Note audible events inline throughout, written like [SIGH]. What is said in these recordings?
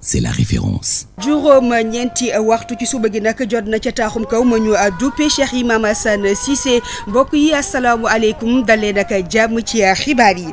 c'est la référence. juróom ñeenti waxtu ci suba gi nag jot na ca taaxum kaw ma ñu duppe Cheikh Imam Assane Cissé bokk yi asalaamualeykum dalee nag jàmm ci xibaar yi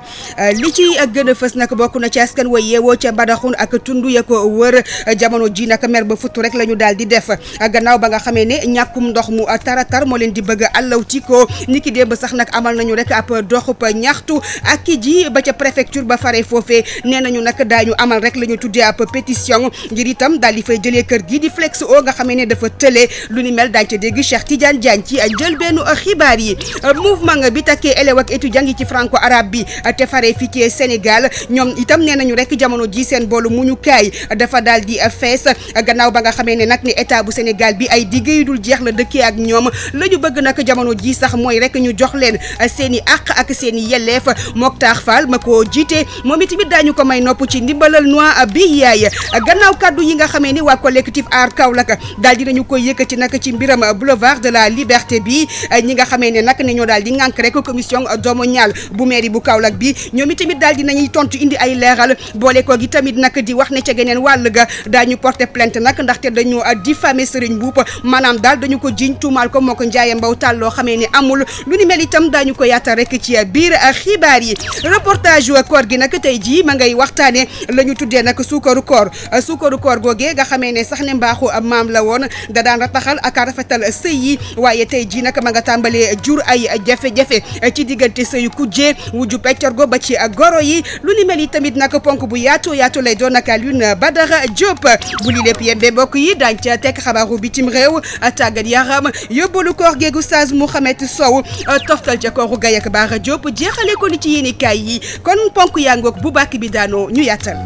li ci gën a fës nag bokk na ci askan wa yeewoo ca Mbadakhoune ak tund ya ko wër jamono ji nag mer ba futt rek la ñu daal di def gannaaw ba nga xamee ne ñàkkum ndox mu taratar moo leen di bëgg àllaw ci ko ni ki démb sax nag amal nañu rek ab doxub ñaxtu ak ji ba ca préfecture ba fare foofee nee nañu nag daañu amal la ñu solution ngir itam daal di fay jëlee kër gi di flex o nga xamee ne dafa tëlee lu ni mel daañu ca dégg Cheikh Tidiane Diagne ci jël benn xibaar yi mouvement bi takkee élève ak étudiant yi ci franco arabe bi te faree fii ci Sénégal ñoom itam nee nañu rek jamono ji seen boolu mu ñu kaay dafa daal di fees gannaaw ba nga xamee ne nag ni état bu Sénégal bi ay digg dul jeex la dëkkee ak ñoom la ñu bëgg nag jamono ji sax mooy rek ñu jox leen seen i àq ak seen i yelleef Moctar Fall ma ko jiite moom itamit daañu ko may nopp ci ndimbalal noi bi yaay Eh, gannaaw kàddu yi nga xamee ni waa collectif aar Kaolack daal dinañu koy yëkkati nag ci mbiram boulevard de la liberté bi eh, ñi nga xamee ne nag ne ñoo daal di ngànk rek commission domaniale bu mairie bu Kaolack bi ñoom tamit daal dinañuy tontu indi ay leeral boole ko gi tamit nag di wax ne ca geneen wàll ga daañu porter plainte nag ndaxte dañoo eh, diffamé Serigne Mboup maanaam daal dañu ko jiñ tuumaal ko moo ko njaaye mbaw tàll loo xamee ne amul lu ni itam daañu ko yaatal ci biir xibaar yi reportage koor gi nag tey jii ma ngay waxtaane la ñu tuddee nag suukaru koor suukaru koor googee nga xamee ne sax ne mbaaxu maam la woon da daan rataxal ak rafetal sëy yi waaye tey jii nag ma nga tàmbalee jur ay jafe-jafe ci diggante sëyu kujje wujju peccorgo ba ci goro yi lu ni mel yi tamit nag ponk bu yaatu yaatu lay doon ak Alioune Badara Diop bu li lépp yembe mbokk yi daañu ca teg xabaaru bitim réew tàggat yaram yóbbalu koor geegu Oustaz Mouhamed soow toftal ca kooru Gaye baax a Diop jeexale ko ni ci yéenekaay yi kon ponk yaa bu bàkk bi daanoo ñu yàttal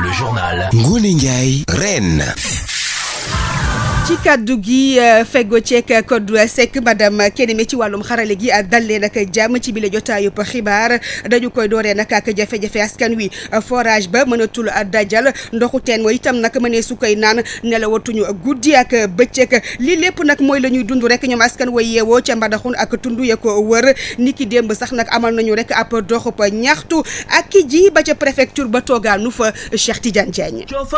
Le journal Ngoné Ndiaye Reine ci kaddu gi euh, feggo ceek Codou Seck madame Kénémé ci wàllum xarale gi dal leen ak jàmm ci bile jotaayub xibaar dañu koy dooree nag ak jafe-jafe askan wi forage ba mënatul dajal ndoxu teen mooy itam nag mënee su koy naan nelawatuñu guddi ak bëccëg lii lépp nag mooy la ñuy dund rek ñoom askan wa yeewoo ca mbadaxun ak tund ya ko wër ni ki démb sax nag amal nañu rek ab doxub ñaxtu ak ki ji ba ca préfecture ba toogaanu fa Cheikh Tidiane Diagne. Coof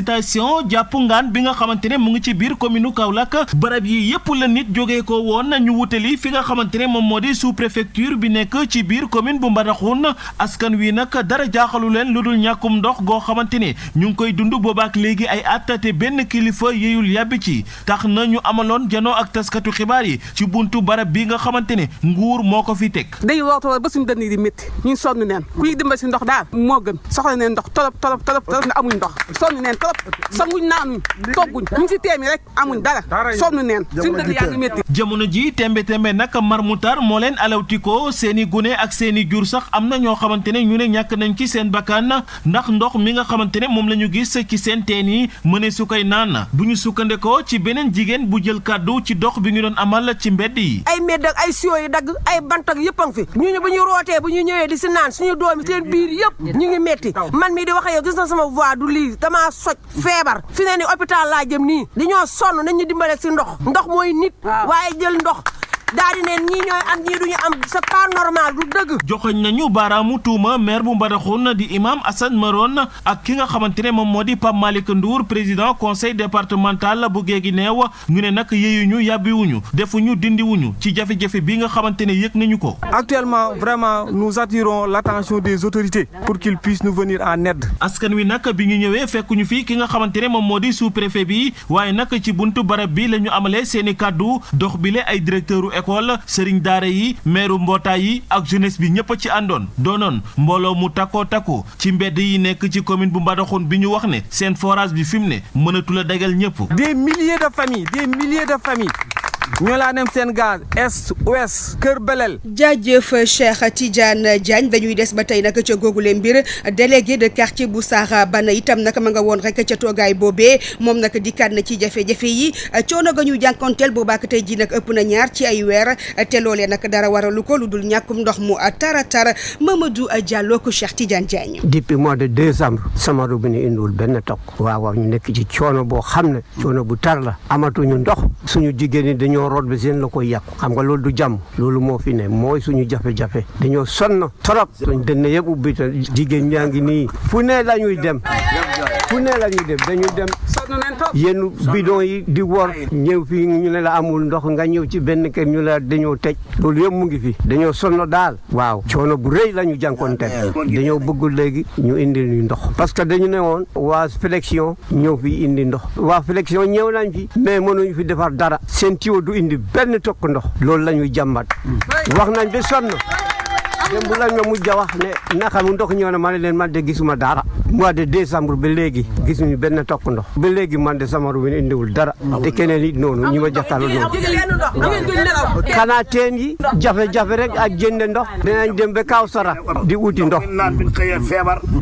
excitation jàpp ngaan bi nga xamante ne mu ngi ci biir commune u Kaolack barab yi yëpp la nit jógee ko woon ñu wutali fi nga xamante ne moom moo di sous préfecture bi nekk ci biir commune bu Mbadakhoune askan wi nag dara jaaxalu leen lu dul ñàkkum ndox goo xamante ne ñu ngi koy dund boobaak léegi ay at te benn kilifa yeyul yàbbi ci tax na ñu amaloon janoo ak taskatu xibaar yi ci buntu barab bi nga xamante ne nguur moo ko fi teg. dañuy woote ba suñu dënn yi di métti ñun sonn neen ku ñu dimbal si ndox daal moo gën soxla ndox torop ndox trop sanguñ naanuñ togguñ ñu ngi si teem yi rek amuñ dara sonn neen suñu dëkk yaa ngi métti jamono ji tembe tembe nag mar mu tar moo leen alawtikoo seen i gune ak seeni i jur sax am na ñoo xamante ne ñu ne ñàkk nañ ci seen bakkan ndax ndox mi nga xamante ne moom la ñu gis ci seen teen yi mëne su koy naan bu ñu sukkandekoo ci beneen jigéen bu jël kàddu ci dox bi ñu doon amal ci mbedd yi ay mbedd ak ay siyo yi dagg ay bant ak yëpp ang fi ñu ñu bu bu ñu ñëwee di si suñu doomi mi di wax yow gis feebar si ne ni hôpital laa jëm nii dañoo sonn nañ ñu dimbale si ndox ndox mooy nit waaye jël ndox daal di neen ñii ñooy am ñii duñu am c'est pas normal du dëgg joxoñ nañu baaraamu tuuma maire bu Mbadakhoune di imam Assane Marone ak ki nga xamante ne moom moo di Pape Malick Ndour président conseil départemental bu Guéguinéo ñu ne nag yeyuñu yàbbiwuñu defuñu dindiwuñu ci jafe-jafe bi nga xamante ne yëg nañu ko actuellement vraiment nous attirons l'attention des autorités pour qu'ils puissent nous venir en aide askan wi nag bi ñu ñëwee fekkuñu fi ki nga xamante ne moom moo di sous bi waaye nag ci buntu barab bi la ñu amalee seeni kàddu dox bile ay directeur école sëriñ daara yi meeru mbootaay yi ak jeunesse bi ñëpp ci àndoon doonoon mbooloo mu takkoo takkoo ci mbedd yi nekk ci commune bu Mbadakhoune bi ñu wax ne seen forage bi fi mu ne mënatula dagal ñëpp. des milliers de familles des milliers de familles. ñu laa nem seen gaz est ouest Kër Belel. jaajëf Cheikh Tidiane Diagne dañuy des ba tey nag ca googu leen mbir délégué de quartier bu Saara Bana itam nag ma nga woon rek ca toogaay boobee moom nag dikkaat na ci jafe-jafe yi coono ga ñu jànkonteel boobaak tey jii nag ëpp na ñaar ci ay weer te loolee nag dara waralu ko lu dul ñàkkum ndox mu a tara tara Mamadou Diallo ko Cheikh Tidiane Diagne. depuis mois de décembre sama robinet indiwul benn toog. waaw waaw ci coono boo xam ne. coono bu tar la. amatuñu ndox dañoo root ba seen la koy yàqu xam nga loolu du jàmm loolu moo fi ne mooy suñu jafe-jafe dañoo sonn trop suñ dënn yëpp ubbi te jigéen ñaa ngi nii fu ne ñuy dem fu ne la ñuy dem dañuy dem yenn bidon yi di wor ñëw fii ñu ne la amul ndox nga ñëw ci benn kër ñu la dañoo tej loolu yëpp mu ngi fi dañoo sonn daal waaw coono bu rey la ñu jànkoonte dañoo bëggul léegi ñu indi ñu ndox parce que dañu ne woon waa flexion ñëw fi indi ndox waa flexion ñëw nañ fi mais mënuñu fi defar dara seen tiwo du indi benn tokk ndox loolu la ñuy jàmbat mm. wax nañ ba sonn démb lañ ma mujj a wax ne naka mu ndox ñëw na ma ne leen man de gisuma dara mois de décembre ba léegi gisuñu benn tokk ndox ba léegi man de sama robinet indiwul dara te keneen it noonu ñi ma jaxtal noonu xanaa teen yi jafe-jafe rek ak jënd ndox dinañ dem ba kaw sara di uuti ndox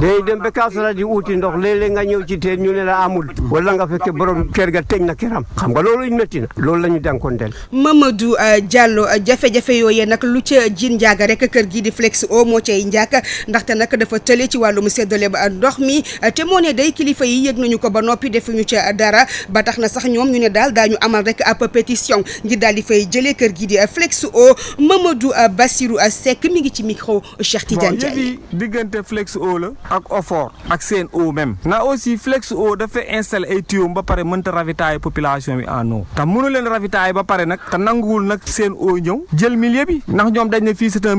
day dem ba kaw sara di uuti ndox léeg nga ñëw ci teen ñu ne la amul wala nga fekke borom kër ga teg na këram xam nga loolu métti na loolu la ñu dànkoonteel Mamadou euh, Diallo euh, jafe-jafe yooyee nag lu ca jin jaaga rek kër gi di Flexo moo cay njàkk ndaxte nag dafa tële ci wàllum séddale ba ndox mi te moo ne day kilifa yi yëg nañu ko ba noppi defuñu ca dara ba tax na sax ñoom ñu ne daal daañu amal rek ab pétition ngir daal di fay jëlee kër gi di o Flexo Mamadou Bassirou Seck mi ngi ci micro Cheikh Tidiane Diagne. diggante Flexo la ak Ofor ak Sen'Eau même na aussi Flexo dafa installé ay tuyaux ba pare mënta ravitailler population bi en eau te mënu leen ravitailler ba pare nag nanguwul nag Sen'Eau ñëw jël milieu ndax ñoom dañ ne fii c'est un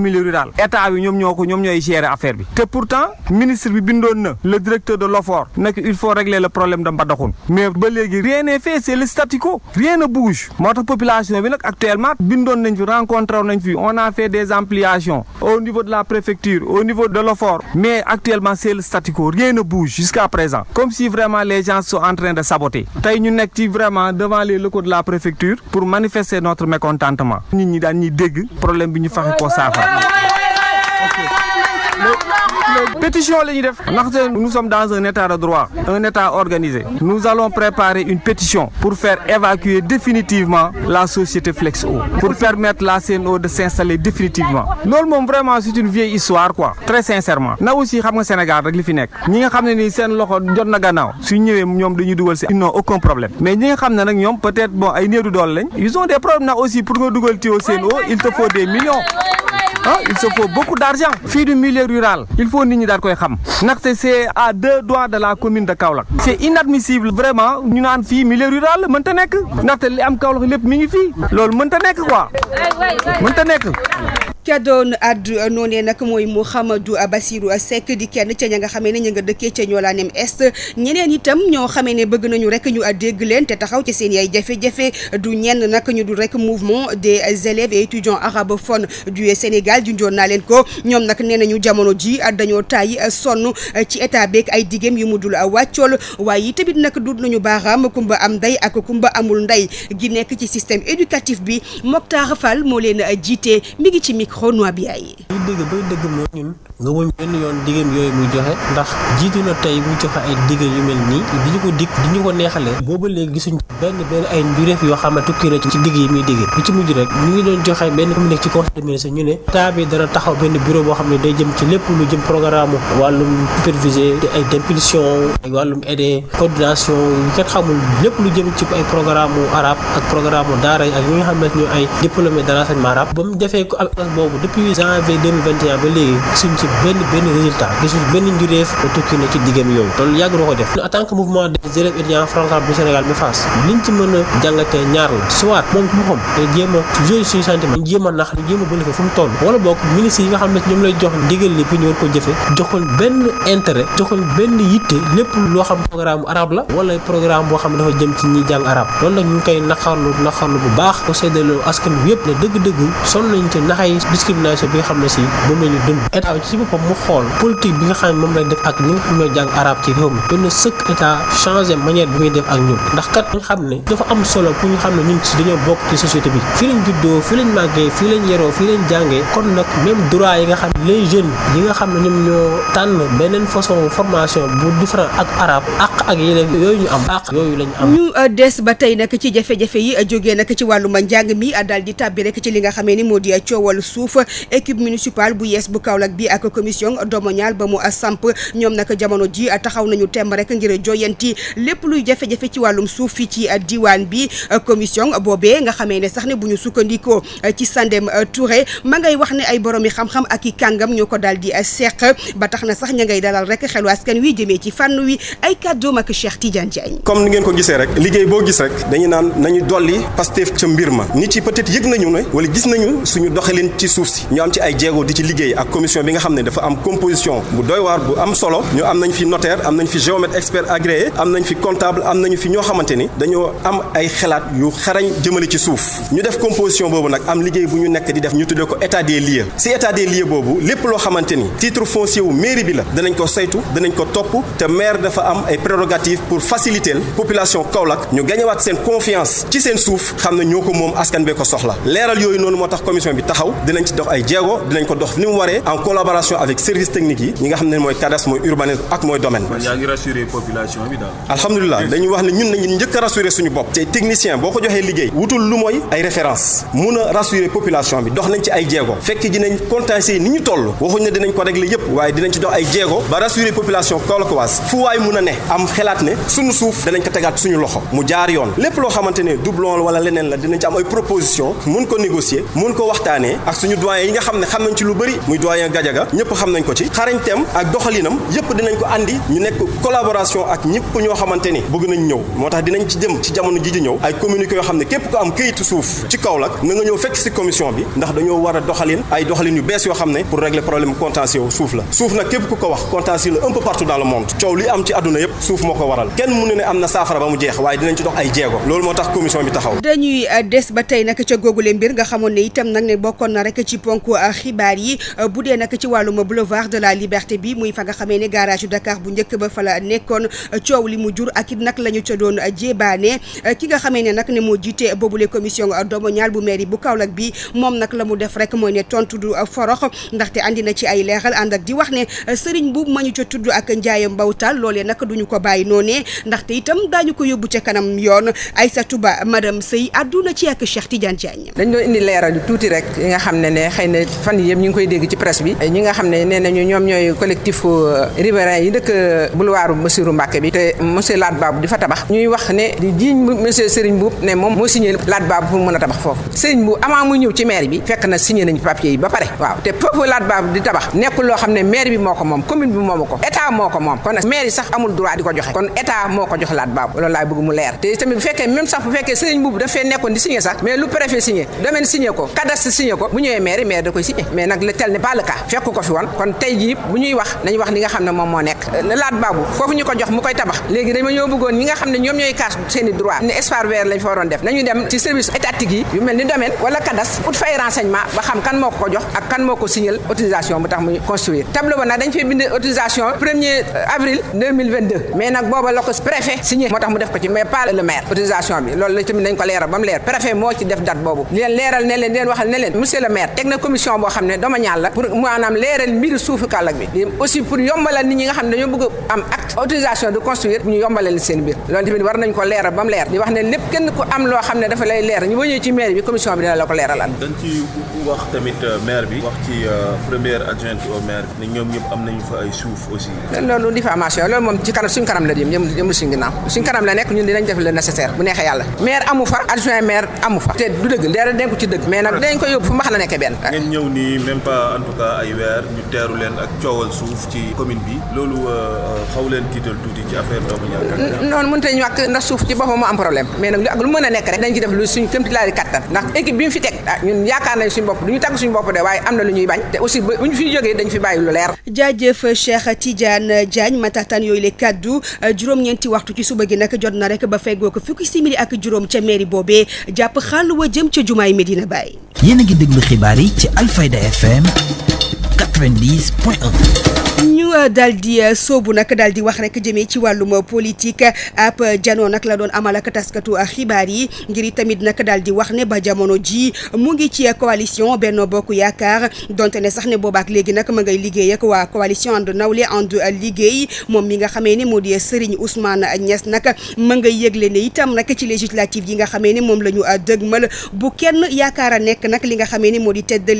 état bi ñoom ñoo ko ñoom ñooy gérer affaire bi te pourtant ministre bi bindoon na le directeur de l'OFOR nekk il faut régler le problème de Mbadakhoune mais ba léegi rien n'est c'est le statu quo rien moo tax population bi nag actuellement bindoon nañ fi rencontré nañ fi on a fait des ampliations au niveau de la préfecture au niveau de l'OFOR mais actuellement c'est le statu quo rien jusqu'à présent comme si vraiment les gens sont en train de saboter tey ñu nekk de la préfecture pour manifester notre mécontentement nit ñi daan ñuy dégg problème bi ñu fexe ko saafara pétition la ñuy def ndaxte nous sommes dans un état de droit un état organisé nous allons préparer une pétition pour faire évacuer définitivement la société Flexo pour permettre la CNO de s'installer définitivement loolu moom vraiment c'est une vieille histoire quoi très sincèrement na aussi xam nga Sénégal rek li fi nekk ñi nga xam ne nii seen loxo jot na gannaaw su ñëwee ñoom dañuy dugal si non aucun problème mais ñi nga xam ne nag ñoom peut-être bon ay néew du doole ah il se faut beaucoup d' argent fii du milieu rural il faut nit ñi daal koy xam ndaxte c' est à deux doigts de la commune de Kaolack c' est inadmissible vraiment ñu naan fii milieu rural mënta nekk ndaxte li am Kaolack lépp mi ngi fii loolu ta nekk quoi ta nekk ka doon addu noonee nag mooy mu Mouhamadou Bassirou Seck di kenn ca a nga xamee ne ña nga dëkkee ca Ñoolaanem Est ñeneen itam ñoo xamee ne bëgg nañu rek ñu dégg leen te taxaw ci seen ay jafe-jafe du ñenn nag ñu dul rek mouvement de élèves et étudiants arabophones du Sénégal junjoon naa leen ko ñoom nag nee nañu jamono ji dañoo tàyyi sonn ci état beeg ay digeem yi mu dul a wàccool waaye tamit nag dut nañu baaraam kumba am ndey ak kumba amul ndey gi nekk ci système éducatif bi Mokhtar Fall moo leen jiite mi ngi ci micro Noabia yi. liy dëgg bay dëgg mooy ñun nga muñ benn yoon diggéem yooyu muy joxe ndax jiitu na tey mu joxe ay digge yu mel nii di ñu ko dikk di ñu ko neexalee booba léegi gisuñ benn benn ay njureef yoo xam ne tukki na ci digg yi muy digge lu ci mujj rek ñu ngi doon joxe benn communiqué ci conseil des ministres ñu ne état bi dana taxaw benn bureau boo xam ne day jëm ci lépp lu jëm programme wàllum supervisé ay dépollution ay wàllum aidé coordination yu kenn xamul lu jëm ci ay programme arabe ak programme daara ak ñi nga ay boobu depuis janvier 2021 ba léegi gisuñ ci benn benn résultat gisuñ benn njuréef ba tukki na ci diggam yooyu te loolu yàgg na ko def en tant que mouvement des élèves étudiants francophone bu Sénégal bi Fass liñ jéem a nax ñu jéem a bëri toll wala boog ministre yi nga xam ne ñoom lay jox ndigal li pour ñu war ko jëfe joxoon benn intérêt joxoon benn yitte lépp loo xam programme arabe la wala programme boo xam ne dafa jëm ci ñi jàng arab loolu nag ñu ngi koy naqarlu naqarlu bu baax ko séddaloo askan bi yëpp ne dëgg-dëgg discrimination bi nga xam ne si moom la ñu dund état bi ci boppam mu xool politique bi nga xam ne moom lay def ak ñi nga xam ne jàng arab ci réew mi doon na sëkk état changé manière bi muy def ak ñun ndax kat nga xam ne dafa am solo pour ñu xam ne ñun si dañoo bokk ci société bi fii lañ juddoo fii lañ màggee fii lañ yeroo fii lañ jàngee kon nag même droit yi nga xam les jeunes yi nga xam ne ñoom ñoo tànn beneen façon formation bu différent ak arab ak ak yeneen yooyu ñu am ak yooyu lañ am ñu euh, des ba tey nag ci jafe-jafe yi jógee nag ci wàllum njàng mi daal di tàbbi rek ci li nga xamee ni moo di coowal suuf équipe municipale bu yees bu Kaolack bi ak commission domaniale ba mu samp ñoom nag jamono ji taxaw nañu temb rek ngir joyanti lépp luy jafe-jafe ci wàllum suuf fii ci diwaan bi commission boobee nga xamee ne sax ne bu ñu sukkandikoo ci Sandem Touré ma ngay wax ne ay boromi xam-xam ak i kàngam ñoo ko daal di seq ba tax na sax ña ngay dalal rek xelu askan wi jëmee ci fànn wi ay kàddoom ak Cheikh Tidiane Diagne. comme ni ngeen ko gisee rek liggéey boo gis rek dañu naan nañu dolli mbir ma nit yi peut suuf si ñu am ci ay jéego di ci liggéey ak commission bi nga xam ne dafa am composition bu doy waar bu am solo ñu am nañ fi notaire am nañ fi géomètre expert agréé am nañ fi comptable am nañu fi ñoo xamante ni dañoo am ay xalaat yu xarañ jëmale ci suuf ñu def composition boobu nag am liggéey bu ñu nekk di def ñu tuddee ko état des lieux si état des lieux boobu lépp loo xamante ni titre foncier wu mairie bi la danañ ko saytu danañ ko topp te maire dafa am ay prérogatives pour faciliter population Kaolack ñu gañewaat seen confiance ci seen suuf xam ne ko moom askan bee ko soxla leeral yooyu noonu moo tax commission bi taxaw dinañ ci dox ni ñun nañu njëkk a suñu bopp. te technicien boo ko joxee liggéey wutul lu mooy ay référence mun a rassuré population bi dox nañ ci ay jéego fekk dinañ contentieux yi ni ñu toll waxuñ ne dinañ ko régler yëpp waaye dinañ ci dox ay jéego ba rassuré population kaolackoise fu waay mun a ne am xelaat ne suñu suuf danañ ko tegaat suñu loxo mu jaar yoon lépp loo xamante ne doublon wala leneen la dinañ ci am ay proposition mun suñu doyen yi nga xam ne xam nañ ci lu bëri muy doyen Gadiaga ñëpp xam nañ ko ci xarañteem ak doxalinam yëpp dinañ ko àndi ñu nekk collaboration ak ñëpp ni bëgg nañ ko am këyitu suuf ci Kaolack na nga ñëw fekk si commission bi ndax dañoo war a doxalin ay doxalin yu bees yoo xam ne pour régler problème contentieux suuf la suuf nag képp ku ko wax contentieux la un peu partout dans le monde coow li am ci àdduna yëpp suuf moo ko waral kenn mënu ne am na saafara ba mu tax commission bi taxaw dañuy euh, des ba tey nag ca googule mbir nga xamoon ne itam nag ne bokkoon nekk ci ponk euh, xibaar yi euh, bu dee nag ci wàllum boulevard de la liberté bi muy fa nga xamee ne garage Dakar bu njëkk ba fa la nekkoon euh, coow li mu jur ak it nag la ñu ca doon jébaane ki nga xamee ne nag ne moo jiite boobule commission domaniale bu mairie bu Kaolack bi moom nag la mu def rek mooy ne tontu du forox ndaxte indi na ci ay leeral ànd ak di wax ne sëriñ bu ma ñu ca tudd ak njaayam mbawtaal loolee nag duñu ko bàyyi noonee ndaxte itam daañu ko yóbbu ca kanam yoon Aïssatou Ba madame Seye àdduna ci ak Cheikh Tidiane Diagne dañ doon xam ne ne xëy na fan yi bi ñi nga xam ne nee nañu ñoom ñooy collectif riverain yi dëkk boulevard Bassirou Mbacké bi te monsieur Laat Babou di fa tabax ñuy wax ne di jiiñ monsieur Serigne Mboup ne a tabax foofu Serigne Mboup bi fekk na signé nañu papier yi ba pare waaw te foofu Laat Babou di tabax nekkul loo xam ne maire bi moo ko moom commune bi moomu ko état moo ko moom kon maire sax amul droit di ko joxe kon état moo ko jox Laat Babou loolu laay bëgg mu leer te tamit bu fekkee même sax bu fekkee ñëwee maire da koy signé mais nag le tel n'est pas le fekk ko fi woon kon tey jii bu ñuy wax nañu wax li nga xam ne moom moo nekk laat baabu foofu ñu ko jox mu koy tabax léegi dama ñoo bëggoon ñi nga xam ne ñoom ñooy kaas seen droit ni domaine wala cadastre ut fay ko jox ak tax muy construire tableau ba nag dañ fay bind autorisation premier avril mais nag booba la ko préfet moo tax mu def ko ci mais pas le maire autorisation bi loolu la maire teg na commission boo xam ne domaniale la pour maanaam leeral mbiri suufu Kaolack bi aussi pour yombalal nit ñi nga xam ne dañoo bëgg a am acte autorisation de construire ñu yombalal seen mbir loolu tamit war nañ ko leeral ba mu leer di wax ne lépp kenn ku am loo xam ne dafa lay leer ñu wëñee ci maire bi commission bi dina la ko leeralal dañ ci wax nekk ñun dinañ def le nécessaire bu neexee yàlla maire amu fa adjoint maire amu fa te du dëgg leeral nekk benn. ngeen ñëw nii même pas en ay weer ñu teeru leen ak coowal suuf ci commune bi loolu euh, euh, xaw leen tiital tuuti ci affaire doomu ñaar. noonu mënut a ñàkk ndax suuf ci boppam moo am problème mais nag lu mën a nekk rek dañ ci def lu suñ kéem tolluwaay kattan ndax équipe bi mu fi teg ah, ñun yaakaar nañ suñu bopp du ñu tàgg suñu bopp de waaye am na lu ñuy bañ te aussi bu ñu fi jógee dañ fi bàyyi lu leer. jaajëf Cheikh Tidiane Diagne matataan yooyu la kaddu euh, juróom-ñeenti waxtu ci suba gi nag jot na rek ba feggoo ko fukki simili ak juróom ca mairie boobee jàpp xàll wa jëm ca jumaay Medina Baye yéen a ngi déglu xibaar yi ci Alfayda FM 90 point 1 ñu euh, daal di euh, soobu nag daal di wax rek jëmee ci wàllum politique ab janoo nag la doon amala ak taskatu xibaar yi ngir tamit nag daal di wax ne ba jamono ji mu ngi ci coalition Benno Bokk Yaakaar donte ne sax ne boobaak léegi nag ma ngay liggéey ak waa coalition ànd nawle ànd liggéey moom mi nga xamee ne moo di Serigne Ousmane Niass nag ma nga yëgle ne itam nag ci législative yi nga xamee ne moom la ñu euh, dëgmal bu kenn yaakaar a nekk nag li nga xamee ne moo di tête de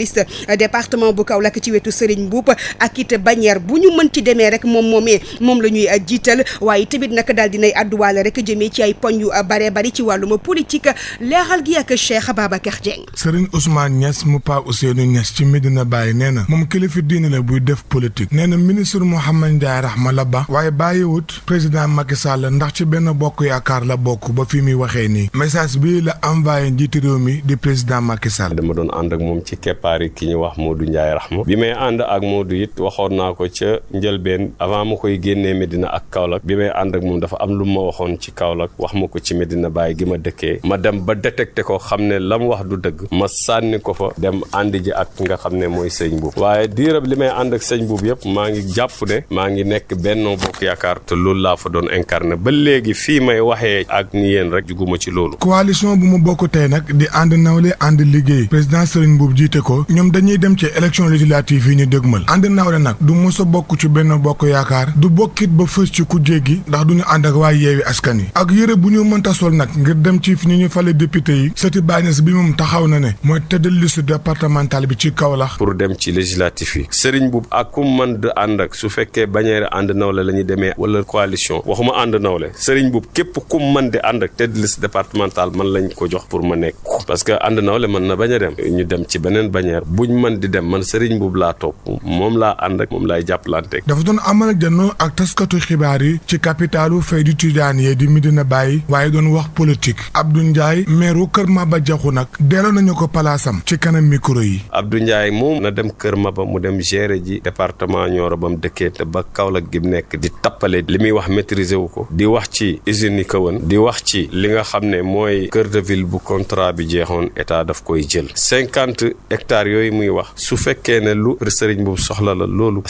département bu Kaolack ci wetu Serigne Mboup ak it bannière mënti demee rek moom moom la ñuy euh, jiital waaye tamit nag daal dinay àdduwaale rek jëmee ci ay poñ yu euh, bare bari ci wàllum politique leeral gi ak Cheikh Babacar Dieng. Serigne Ousmane Niass mu Paa Ousseynou Niass ci Medina Baye nee na moom kilifa diine la buy def politique nee na ministre Mouhamed Ndiaye Rahma ba waaye bàyyiwut président Macky Sall ndax ci benn bokk yaakaar la bokk ba fi muy waxee nii message bii la envoyé njiitu réew mi di président Macky Sall. dama doon ànd ak moom ci yi ki ñu wax Modou Ndiaye Rahma bi may ànd ak Modou it waxoon naa ko ca njëlbeen avant ma koy génnee Medina ak Kaolack bi may ànd ak moom dafa am lu ma waxoon ci Kaolack wax ma ko ci Medina bàyyi gi ma dëkkee ma dem ba détecté ko xam ne la mu wax du dëgg ma sànni ko fa dem àndi ji ak nga xam ne mooy sëñ buub waaye diirab li may ànd ak sëñ buub yëpp maa ngi jàpp ne maa ngi nekk Benno Bokk Yaakaar te loolu laa fa doon incarné ba léegi fii may waxee ak ni yéen rek juguma ci loolu. coalition bu mu bokk tey nag di ànd nawle ànd liggéey président Serigne Mbuub jiite ko ñoom dañuy dem ci élection législative yi ñu dëgmal ànd nawle nag du bokk ci benn bokk yaakaar du bokkit ba fës ci kujje gi ndax duñu ànd ak waa yeewi askan yi ak yëre bu ñu mënta sol nag ngir dem ci fi ñu ñu fale député yi sëti bi moom taxaw na ne mooy tëddal liste départementale bi ci Kaolack pour dem ci législatif yi sëriñ bu ak ku man di ànd ak su fekkee bannière ànd nawle la ñuy demee wala coalition waxuma ànd nawle sëriñ bu képp ku man di ànd ak tëdd liste départementale man lañ ko jox pour ma nekk parce que ànd nawle mën na bañ a dem ñu dem ci beneen bannière buñ mën di dem man sëriñ bu laa topp moom laa ànd ak laay jàppalaat teg. dafa doon amal janoo ak taskatu xibaar yi ci capitalu Faydu Tijaan yi di Medina bàyyi waaye doon wax politique Abdou Ndiaye meeru Kër Maba Jaxu nag delloo nañu ko palaasam ci kanam micro yi. Abdou Ndiaye moom na dem Kër Maba mu dem gérer ji département Nioro bam dëkkee te ba Kaolack gi mu nekk di tappale li muy wax maîtriser wu ko di wax ci usine yi kawoon di wax ci li nga xam ne mooy kër de ville bu contrat bi jeexoon état daf koy jël cinquante hectares yooyu muy wax su fekkee ne lu sëriñ soxla la loolu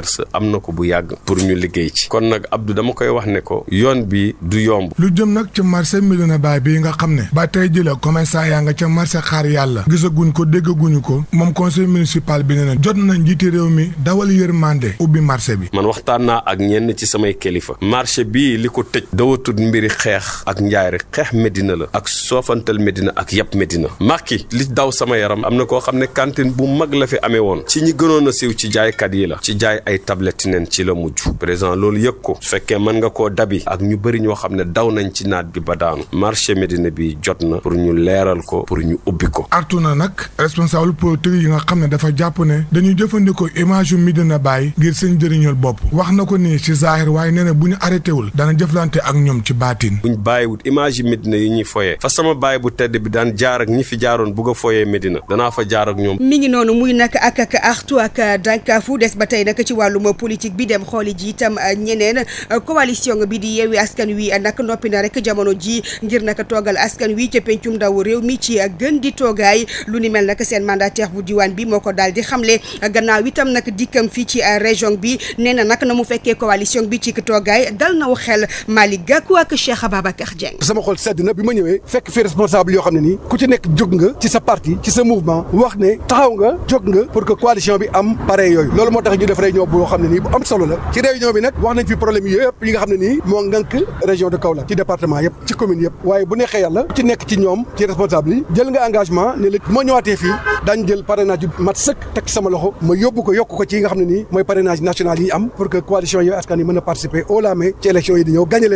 commerce am na ko bu yàgg pour ñu liggéey ci kon nag Abdou dama koy wax ne ko yoon bi du yomb lu jëm nag ci marché Médina Baye bi nga xam ne ba tey ji la commerçant yaa nga ca marché xaar yàlla gisaguñ ko déggaguñu ko moom conseil municipal bi ne jot na njiiti réew mi dawal yërmande ubbi marché bi man waxtaan naa ak ñenn ci samay kilifa marché bi li ko tëj dawatul mbiri xeex ak njaay xeex Médina la ak soofantal Médina ak yàpp Médina Macky li daw sama yaram am na koo xam ne cantine bu mag la fi amee woon ci ñi gënoon siiw ci jaaykat yi la ci ay tablette neen ci la mujj président loolu yëg ko su fekkee mën nga koo dabi ak ñu bëri ñoo xam ne daw nañ ci naaj bi ba daanu marché Médina bi jot na pour ñu leeral ko pour ñu ubbi ko artu na nag responsable politique yi nga xam ne dafa jàpp ne dañuy jëfandikoo image yu Médina Baye ngir seen jëriñol bopp wax na ko nii ci zaahir waaye na bu ñu arrêté wul dana jëflante ak ñoom ci baatin buñ bàyyiwut image yi Médina yi ñuy foyee fa sama baay bu tedd bi daan jaar ak ñi fi jaaroon bugg a foyee Médina danaa fa jaar ak ñoom mi ngi noonu muy nag ak ak artu ak dànkaafu wàllum politique bi dem xooli ji itam euh, ñeneen euh, coalition bi di yeewi askan wi euh, nag noppi na rek jamono ji ngir nag toogal askan wi ca pencum ndaw réew mi ci gën di toogaay lu ni mel nag seen mandataire bu diwaan bi moo ko daal di xamle gannaaw itam nag dikkam fii ci région bi nee na nag na mu fekkee coalition bi ci toogaay dal na xel Malick Gakou ak Cheikh Ababacar Dieng. sama xol sedd na bi ma ñëwee fekk fi responsable yoo xam ne nii ku ci nekk jóg nga ci sa parti ci sa mouvement wax nga jóg nga pour réunion boo xam ne nii bu am solo la ci réunion bi nag wax nañ fi problème yi yi nga xam ne nii moo ngànk région de Kaolack ci département yëpp ci commune yëpp waaye bu neexee yàlla ci nekk ci ñoom ci responsable yi jël nga engagement ne la moo ñëwaatee fii daañ jël parrainage mat sëkk teg sama loxo ma yóbbu ko yokk ko ci yi nga xam ne nii mooy parrainage national yi am pour que coalition yi askan yi mën a participer au la ci élection yi di ñëw gagné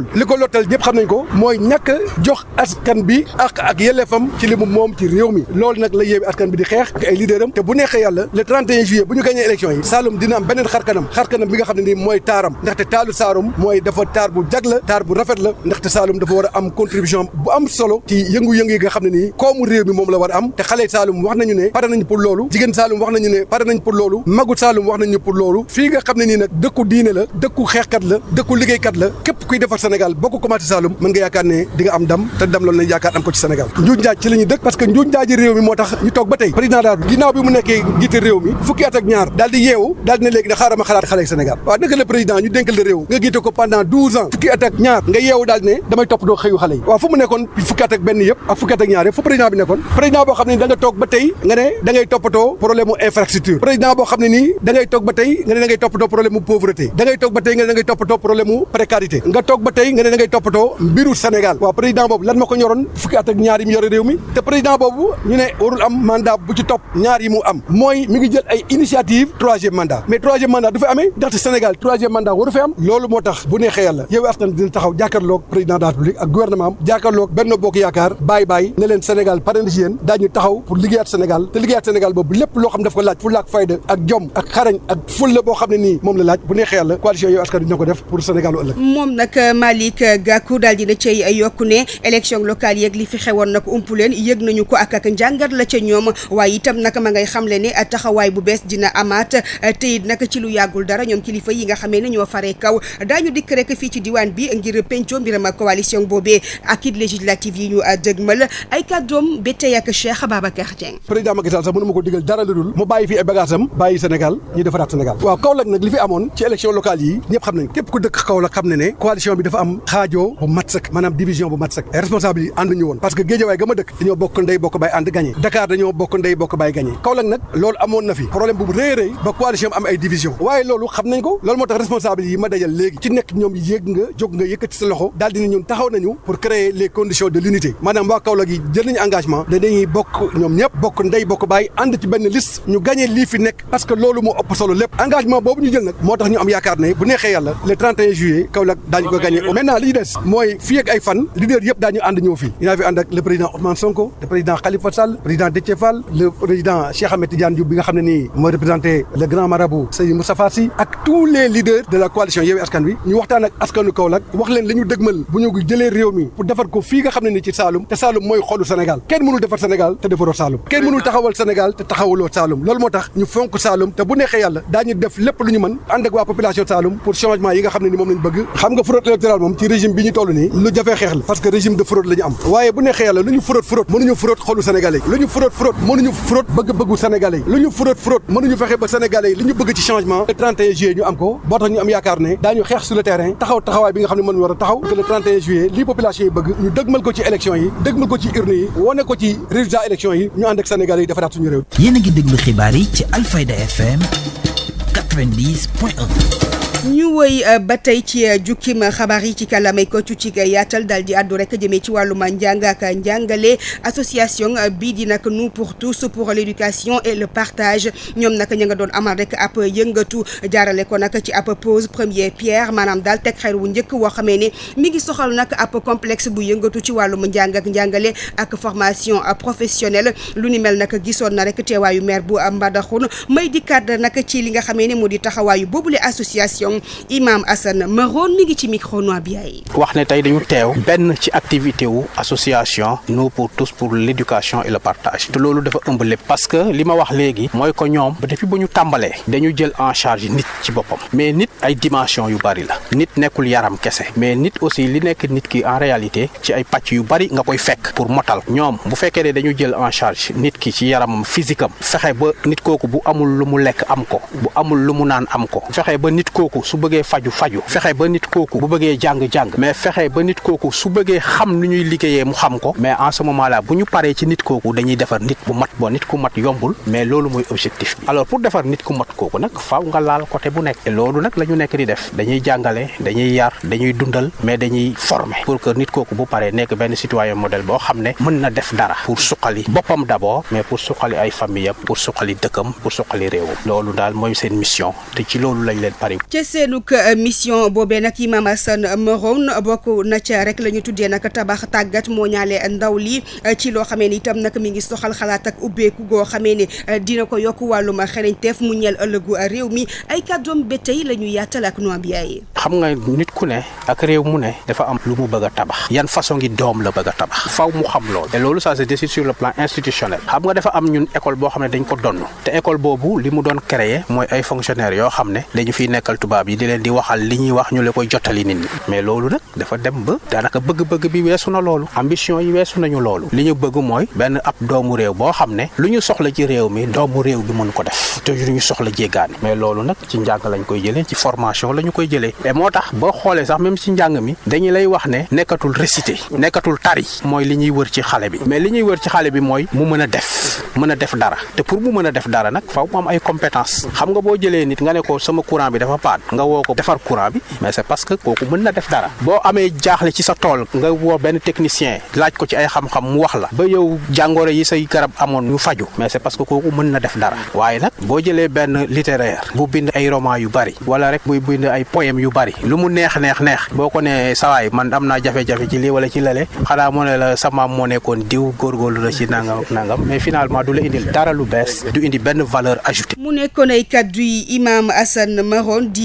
baaxul li ko lottal ñëpp xam nañ ko mooy ñàkk jox askan bi ak ak yelleefam ci li mu moom ci réew mi loolu nag la yéewi askan bi di xeex ak ay te bu neexee yàlla le 31 juillet bu ñu gagné élection yi Saloum dina am beneen kanam xar kanam bi nga xam mooy taaram ndaxte taalu Saloum mooy dafa jag la taar bu rafet la ndaxte Saloum dafa war a am contribution bu am solo ci yëngu-yëngu yi nga xam ne nii koomu réew mi moom la war am te xale Saloum wax nañu ne pare nañ pour loolu jigéen Saloum wax nañu ne pare nañ pour loolu magu Saloum wax nañu pour loolu fii nga xam ne nii nag dëkku diine la dëkku xeexkat la dëkku liggéeykat la képp kuy defar sa Sénégal ko maati Saloum mën nga yaakaar ne di am dam te dam loolu lañ yaakaar am ko ci Sénégal njuuj ci la dëkk parce que njuuj njaaji réew mi moo tax ñu toog ba tey président daal di yeewu daal di ne léegi da xaaral ma xalaat xale Sénégal waaw naka la président ñu dénkal la réew nga jiite ko pendant douze ans fukki at ñaar nga yeewu daal di ne damay topp doo xëyu xale yi waaw fu mu nekkoon fukki at benn yëpp ak fukki at ñaar yëpp fu président tey nga ne da ngay toppatoo mbiru Sénégal waaw président boobu lan ñoroon fukki at ak yi mu yore réew mi te président boobu ñu ne warul am mandat bu ci topp ñaar mu am mooy mi ngi jël ay initiative troisième mandat mais troisième mandat du fa amee ndaxte Sénégal troisième mandat waru fa am loolu moo tax bu neexee yàlla yow askan dina taxaw jàkkaarloog président de la république ak gouvernement am bokk yaakaar bàyyi bàyyi ne leen Sénégal pare na ci yéen daañu taxaw pour liggéeyaat Sénégal te liggéeyaat Sénégal boobu lépp loo xam daf ko laaj fulla ak fayda moom la laaj bu neexee yàlla coalition ko def pour Malick Gakou daal dina cay yokku ne élection locale yeeg li fi xewoon nag umpu leen yëg nañu ko ak ak njàngat la ca ñoom waaye itam nag ma ngay xamle ne taxawaay bu bees dina amaat te it nag ci lu yàggul dara ñoom kilifa yi nga xamee ne ñoo faree kaw daañu dikk rek fii ci diwaan bi ngir penco mbiram coalition boobee ak it législative yi ñu ah, dëgmal ay kàddoom ba tey ak Cheikh Babacar Dieng. président Macky Sall sax mënu ma ko digal dara lu dul ñu defaraat Sénégal waaw Kaolack nag li fi amoon dafa am xaajoo bu mat sëkk division bu mat sëkk responsable yi ànd ñu woon parce que géejawaay ga dëkk dañoo bokk ndey bokk bay ànd gagné Dakar dañoo bokk ndey bokk bay gagné Kaolack nag loolu amoon na fi problème bu rëy rëy ba coalition am ay ma dajal léegi ci nekk ñoom yéeg nga jóg nga yëkkati sa loxo daal dina ñun taxaw nañu pour créer les conditions de l'unité maanaam waa Kaolack yi jël nañu engagement dañuy bokk ñoom ñëpp bokk ndey bokk bay ànd maintenant li ñu des mooy fii ak ay fan leader yëpp daañu ànd ñëw fii dinaa fi ànd ak le président Ousmane Sonko le président Khalifa Sall président Déthié Fall le président Cheikh Ahmed Tidiane Diop bi nga xam ne nii mooy représenté le grand marabout Seydou Moustapha Sy ak tous les leaders de la coalition Yewwi Askan ñu waxtaan ak askanu Kaolack wax leen li ñu dëgmal bu ñu jëlee réew mi pour defar ko fii nga xam ne nii ci Saloum te Saloum mooy xolu Sénégal moom ci régime bi ñu toll nii lu jafee xeex la parce que régime de fraude la am waaye bu ne xeex la lu ñu fraude fraude mënuñu fraude bëgg-bëggu sénégalais yi lu ñu fraude fraude mënuñu fexe ba sénégalais yi li ñu bëgg ci changement le 31 juillet ñu am ko boo tax ñu am yaakaar ne daañu xeex sur le terrain taxaw taxawaay bi nga xam ne mën war a taxaw que le 31 juillet lii yi bëgg ñu dëgmal ko ci élection yi dëgmal ko ko ci résultat ñu woy euh, ba tey ci euh, jukkim xabaar yi ci kàllaamay ko cu ci yaatal daal di àddu rek jëmee ci wàllum njàng ak njàngale association euh, bii di nag nous pour tous pour l' éducation et le partage ñoom nag ña nga doon amal rek ab yëngatu jaarale ko nag ci ab pose premier pierre maanaam daal teg xeer wu njëkk woo xamee ni mi ngi soxal nag ab complexe bu yëngatu ci wàllu wàllum njàng ak njàngale ak formation professionnelle lu ni mel nag gisoon na rek teewaayu maire bu Mbadakhoune may dikkaat nag ci li nga xamee ne moo di taxawaayu boobule association. Diong Imam Assane Maroon mi ngi ci micro noir bi wax ne tey dañu teew benn ci activité wu association nous pour tous pour l'éducation et le partage te loolu dafa ëmb lépp parce que li ma wax léegi mooy ko ñoom ba depuis ba ñu tàmbalee dañu jël en charge nit ci boppam mais nit ay dimension yu bari la nit nekkul yaram kese mais nit aussi li nekk nit ki en réalité ci ay pàcc yu bari nga koy fekk pour motal ñoom bu fekkee ne dañu jël en nit ki ci yaramam fisikam am fexe ba nit kooku bu amul lu mu lekk am ko bu amul lu mu naan am ko su bëggee faju faju fexe ba nit kooku bu bëggee jàng-jàng mais fexe ba nit kooku su bëggee xam nu ñuy liggéeyee mu xam ko mais en ce moment là bu ñu paree ci nit kooku dañuy defar nit bu mat bon nit ku mat yombul mais loolu mooy objectif bi pour defar nit ku mat kooku nag faw nga laal côté bu nekk loolu nag la ñu nekk di def dañuy jàngale dañuy yar dañuy dundal mais dañuy former pour que nit kooku bu paree nekk benn citoyen modèle boo xam ne mën na def dara pour suqali boppam d'abord mais pour suqali ay famille pour suqali dëkkam pour suqali réewam loolu daal mooy seen mission te ci loolu lañ leen pare seenug euh, mission boobee nag Imam Hassan Meroune bokk na ca rek la tuddee nag tabax tàggat moo ñaalee ndaw li euh, ci loo xamee ni itam nag mi ngi soxal xalaat ak ubbeeku goo xamee ne euh, dina ko yokk wàllum teef mu ñeel ëllëgu réew mi ay kàddoom ba tey la ñu yaatal ak noam yaay xam nga nit ku ne ak réew mu ne dafa am lu mu bëgg tabax yan façon ngi doom la bëgg a tabax faw mu xam loolu te loolu ça se décide sur le plan institutionnel xam nga dafa am ñun école boo xam ne dañ ko donn te boobu li mu doon créer mooy ay fonctionnaires yoo xam ne dañu fiy tubaab yi di leen di waxal li ñuy wax ñu la koy jottali nit ñi mais loolu nag dafa dem ba daanaka bëgg-bëgg bi weesu na loolu ambition yi weesu nañu loolu li ñu bëgg mooy benn ab doomu réew boo xam ne lu ñu soxla ci réew mi doomu réew bi mën ko def te ñu soxla jéggaane mais loolu nag ci njàng lañ koy jëlee ci formation la ñu koy jëlee et moo tax boo xoolee sax même ci njàng mi dañu lay wax ne nekkatul récité nekkatul tari mooy li ñuy wër ci xale bi mais li ñuy wër ci xale bi mooy mu mën a def mën a def dara te pour mu mën a def dara nag faaw am ay compétence xam nga boo jëlee nit nga ne sama courant bi dafa nga woo ko defar courant bi mais c'est parce que kooku mën na def dara boo amee jaaxle ci sa tool nga woo benn technicien laaj ko ci ay xam-xam mu wax la ba yow jàngoro yi say garab amoon ñu faju mais c'est parce que kooku mën na def dara waaye nag boo jëlee benn littéraire bu bind ay roman yu bari wala rek muy bind ay poème yu bari lu mu neex neex neex boo ko nee sawaay man am naa jafe-jafe ci lii wala ci lale xanaa mu ne la sa maam moo nekkoon diw góorgóorlu la ci nangam nangam mais finalement du la indil dara lu bees du benn valeur ajoutée. mu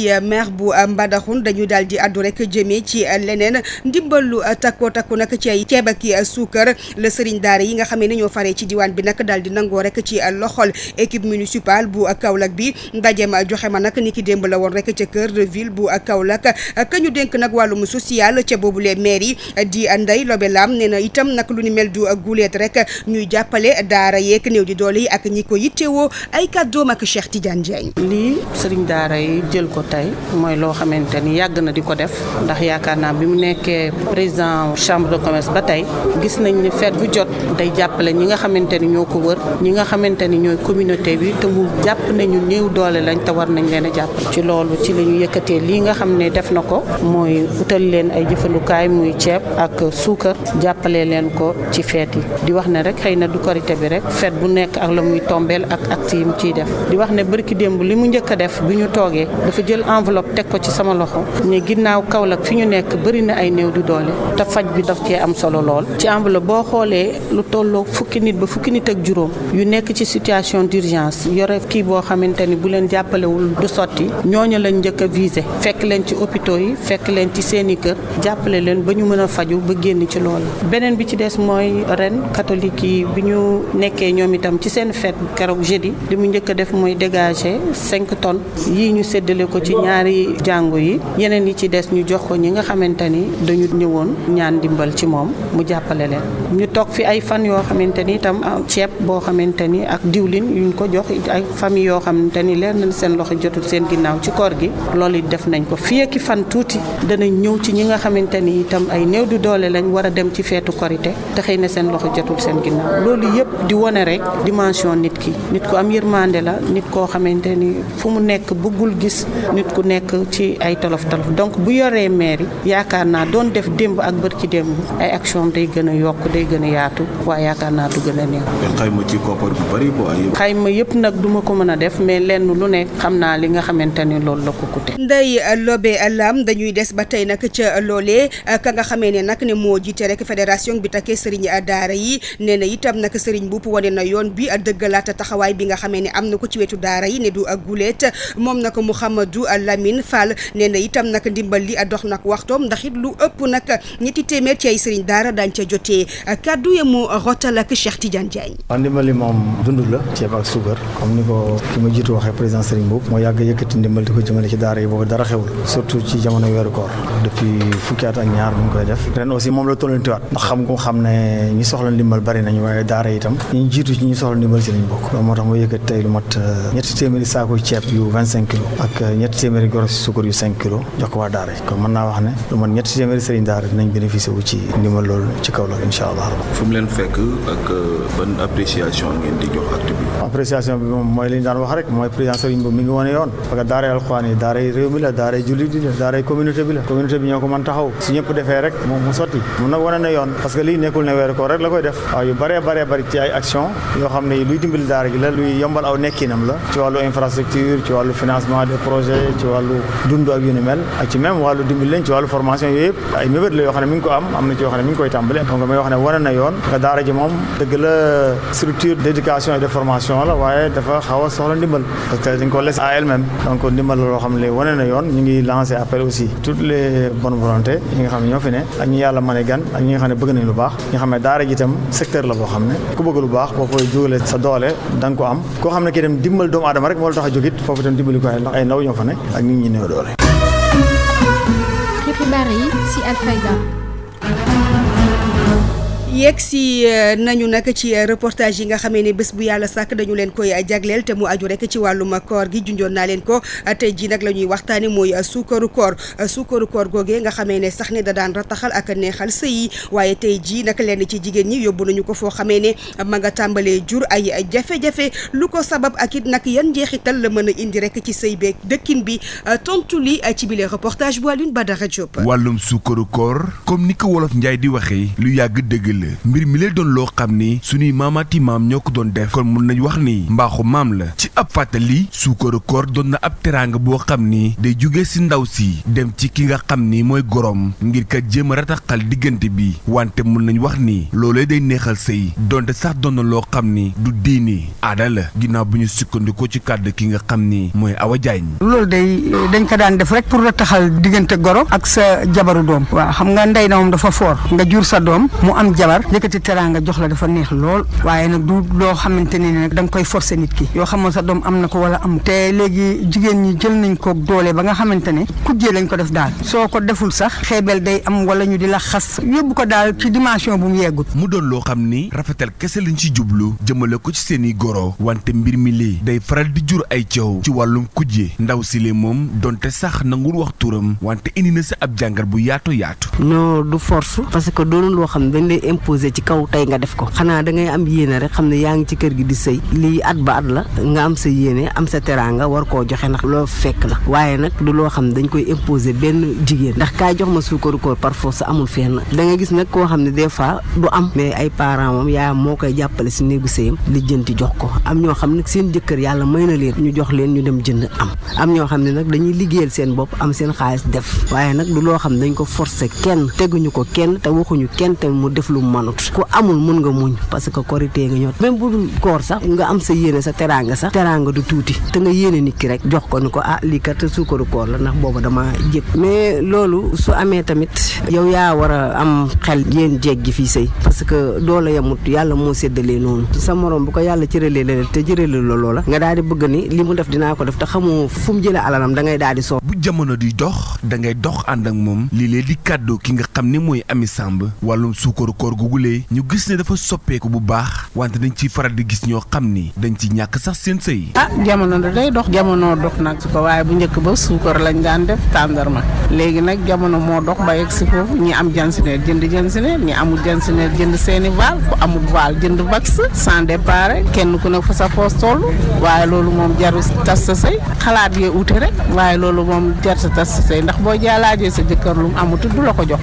di euh, maire bu euh, mbadaxul dañu daal di àddu rek jëmee ci euh, leneen ndimbalu takko takku nag ci ay ceeb ak i suukar la sëriñ daara yi nga xamee ne ñoo faree ci diwaan bi nag daal di nangoo rek ci loxol équipe municipale bu Kaolack bi ndajeem joxe ma nag ni ki démb la woon rek ca kër de ville bu Kaolack ka ñu dénk nag wàllum social ca boobule maire yi di ndey Lobe Lam nee na itam nag lu ni mel du guleet rek ñuy jàppale daara yeeg néew di doole yi ak ñi ko yittewoo ay kàddoom ak Cheikh Tidiane Diagne. lii daara yi jël ko tey mooy loo xamante ni yàgg na di ko def ndax yaakaar naa bi mu nekkee président chambre de commerce ba tey gis nañ ni feet bu jot day jàppale ñi nga xamante ni ñoo ko wër ñi nga xamante ni ñooy communauté bi te mu jàpp nañu néew doole lañ te war nañ leen jàpp ci loolu ci la ñu yëkkatee lii nga xam ne def na ko mooy utal leen ay jëfandukaay muy ceeb ak suukar jàppale leen ko ci feet yi di wax ne rek xëy na du korité bi rek feet bu nekk ak la muy tombeel ak acte yi ciy def enveloppe teg ko ci sama loxo ne ginnaaw Kaolack fi ñu nekk bëri na ay néew di doole te faj bi daf cee am solo lool ci enveloppe boo xoolee lu tolloo fukki nit ba fukki nit ak juróom yu nekk ci situation d'urgence yore kii boo xamante ni bu leen jàppalewul du sotti ñooñu lañ njëkk a visé fekk leen ci hôpitaux yi fekk leen ci seeni kër jàppale leen ba ñu mën a faju ba génn ci loolu beneen bi ci des mooy ren catholique yi bi ñu nekkee ñoom itam ci seen fête keroog jeudi li mu njëkk a def mooy dégager cinq ci ci ñaari jàngu yi yeneen yi ci des ñu jox ko ñi nga xamante ni dañu ñëwoon ñaan dimbal ci moom mu jàppale leen ñu toog fi ay fan yoo xamante ni itam ah, ceeb boo xamante ni ak diwlin yuñ ko jox ay famille yoo xamante ni leer na seen loxo jotul seen ginnaaw ci koor gi loolu it def nañ ko fii fan tuuti danañ ñëw ci ñi nga xamante ni itam ay néew du doole lañ war a dem ci feetu korité te xëy na seen loxo jotul seen ginnaaw loolu yëpp di wone rek dimension nit ki nit ku am yërmande la nit koo xamante fu mu nekk bëggul gis nit nit ku nekk ci ay tolof tolof donc bu yoree mairie yaakaar naa doon def démb ak bër ci démb ay action day gën a yokk day gën a yaatu waaye yaakaar naa du gën a néew. xayma ci koppar bu bari bu ay. xayma yëpp nag duma ko mën a def mais lenn lu nekk xam naa li nga xamante ni loolu la ko kute. Ndeye Lobé Lam dañuy des ba tey nag ca loolee ka nga xamee ne nak ne moo jiite rek fédération bi takkee sëriñ daara yi nee na itam nag sëriñ Buup wane na yoon bi dëggalaat taxawaay bi nga xamee ne am na ko ci Lamine Fall nee na itam nag ndimbal li dox nag waxtoom ndax lu ëpp nag ñetti téeméer ci ay daara daañ ca jotee kàddu ya rotal ak Cheikh Tidiane Diagne. waaw ndimbali moom dund la ceeb ak suukar comme ni ko ki ma jiitu waxee président Serigne Mboup moo yàgg yëkkati ndimbal di ko jëmale ci daara yi boobu dara xewul surtout ci jamono weeru koor depuis fukki at ak ñaar ñu ngi koy def ren aussi moom la tollantiwaat ndax xam nga xam ne ñi soxla ndimbal téeméeri goro sukkur yu 5 kilos jox ko waa daara yi man ñetti téeméeri sëriñ daara dinañ bénéficié wu ci ndimbal loolu ci kaw la incha allah. fu mu leen fekk ak euh, ban appréciation ngeen di jox acte bi. appréciation bi moom mooy li ñu daan wax daara alxuraan yi daara réew mi la la daara communauté bi la communauté bi ñoo ko mën taxaw su ñëpp defee rek moom mu sotti mun nag wane yoon parce que lii nekkul ne weeru koor rek la koy def waaw yu bëree bëree bëri ay ci wàllu dund ak yu ni mel ak ci même wàllu dimbali leen ci wàllu formation yooyu yëpp ay mébét la yoo xam ne mi ngi ko am am na ci yoo xam ne mi ngi koy tàmbale donc may wax ne wane na yoon nga daara ji moom dëgg la formation la waaye dafa xaw a soxla ndimbal parce ko loo xam ne wane yoon ñu ngi lancé appel aussi nga xam ne ñoo yàlla ne bëgg nañ lu baax nga xam ne daara ji itam xam ne ku bëgg lu baax boo koy jógale sa doole da ko am koo xam ne kii dem dimbal doomu aadama rek moo la tax a jógit foofu itam dimbali ko ay ndaw ñoo fa ne ak ni ñu néew doole. xibaar yi ci Alfayda. yegg si euh, nañu nag ci euh, reportage yi nga xame ne bés bu yàlla sàkk dañu leen koy euh, jagleel te mu aju rek ci wàllum koor gi junjoon naa leen ko tey jii nag la ñuy waxtaanee mooy suukaru koor suukaru koor googee nga xamee ne sax ne da daan rataxal ak neexal sëy waaye tey jii nag lenn ci jigéen ñi yóbbu nañu ko foo xamee ne ma tàmbalee jur ay jafe-jafe lu ko sabab ak it nag yan njeexital la mën a indi rek ci sëy beeg dëkkin bi tontu li ci bile reportage bu Alioune Badara Diop. wàllum suukaru koor comme ni ko wolof Njaay di waxee lu yàgg dëgg la bind mbir mi lee doon loo xam ni suñuy maamaati maam ñoo ko doon def kon mun nañ wax ni mbaaxu maam la ci ab fàttali suukaru koor doon na ab teraanga boo xam ni day jóge si ndaw si dem ci ki nga xam ni mooy goroom ngir kat jéem a rataxal diggante bi wante mun nañu wax ni loolee day neexal sëy donte sax doon loo xam ni du diini aada la ginnaaw bu ñu sukkandikoo ci kàddu ki nga xam ni mooy Awa Diagne loolu day dañ ko daan def rek pour rataxal diggante goro ak sa jabaru doom waaw xam defar yëkkati teraanga jox la dafa neex lool waaye nag du loo xamante ne nag da nga koy forcer nit ki yoo xamoon sa doom am na ko wala am te léegi jigéen ñi jël nañ kook doole ba nga xamante ne kujjee lañ ko def daal soo ko deful sax xeebel day am wala ñu di la xas yóbbu ko daal ci dimension bu mu yeggut mu doon loo xam ni rafetal kese lañ ci jublu jëmale ko ci seeni goro wante mbir mi lii day faral di jur ay coow ci wàllum kujje ndaw si lee moom donte sax nangul wax turam wante indi na sa ab jàngar bu yaatu yaatu. proposé ci kaw tey nga def ko xanaa da ngay am yéene rek xam ne yaa ngi ci kër gi di sëy lii at ba at la nga am sa yéene am sa teraanga war koo joxe ndax loo fekk la waaye nag du loo xam dañ koy imposer benn jigéen ndax kaay jox ma suukaru koor par force amul fenn da nga gis nag koo xam ne des fois du am mais ay parents moom yaayam moo koy jàppale si néegu sëyam lijjanti jox ko am ñoo xam nag seen jëkkër yàlla may na leen ñu jox leen ñu dem jënd am am ñoo xam ne nag dañuy liggéeyal seen bopp am seen xaalis def waaye nag du loo xam dañ ko forcer kenn teguñu ko kenn te waxuñu kenn te mu def lu manut ku amul mun nga muñ parce que korité nga ñëw même bu dul koor sax nga am sa yéene sa teraanga sax teraanga du tuuti te nga yéene nit ki rek jox ko ni ko ah lii kat suukaru koor la ndax boobu dama jég mais loolu su amee tamit yow yaa war a am xel yéen jeeg gi fii sëy parce que doole yamut yàlla moo séddalee noonu sa morom bu ko yàlla cëralee la te jëralee la loola nga daal di bëgg ni li mu def dinaa ko def te xamoo fu mu jëlee alalam da ngay di soo bu jamono da ngay dox ànd ak moom lii lee góor ñu gis ne dafa soppeeku bu baax wante dañ ciy faral di gis ñoo xam ni dañ ci ñàkk sax seen sëy ah jamono day dox jamono dox nag su ko waaye bu njëkk ba suukar lañ daan def tàndarma léegi nag jamono moo dox ba yegg si foofu ñi am jansineer jënd jansineer ñi amul jansineer jënd seeni vaal ku amul vaal jënd vax sans départ kenn ku ne fa sa foos toll waaye loolu moom jaru tas sa sëy xalaat yee uute rek waaye loolu moom jar sa tas sa sëy ndax boo jaalaajee sa jëkkër lu mu la ko jox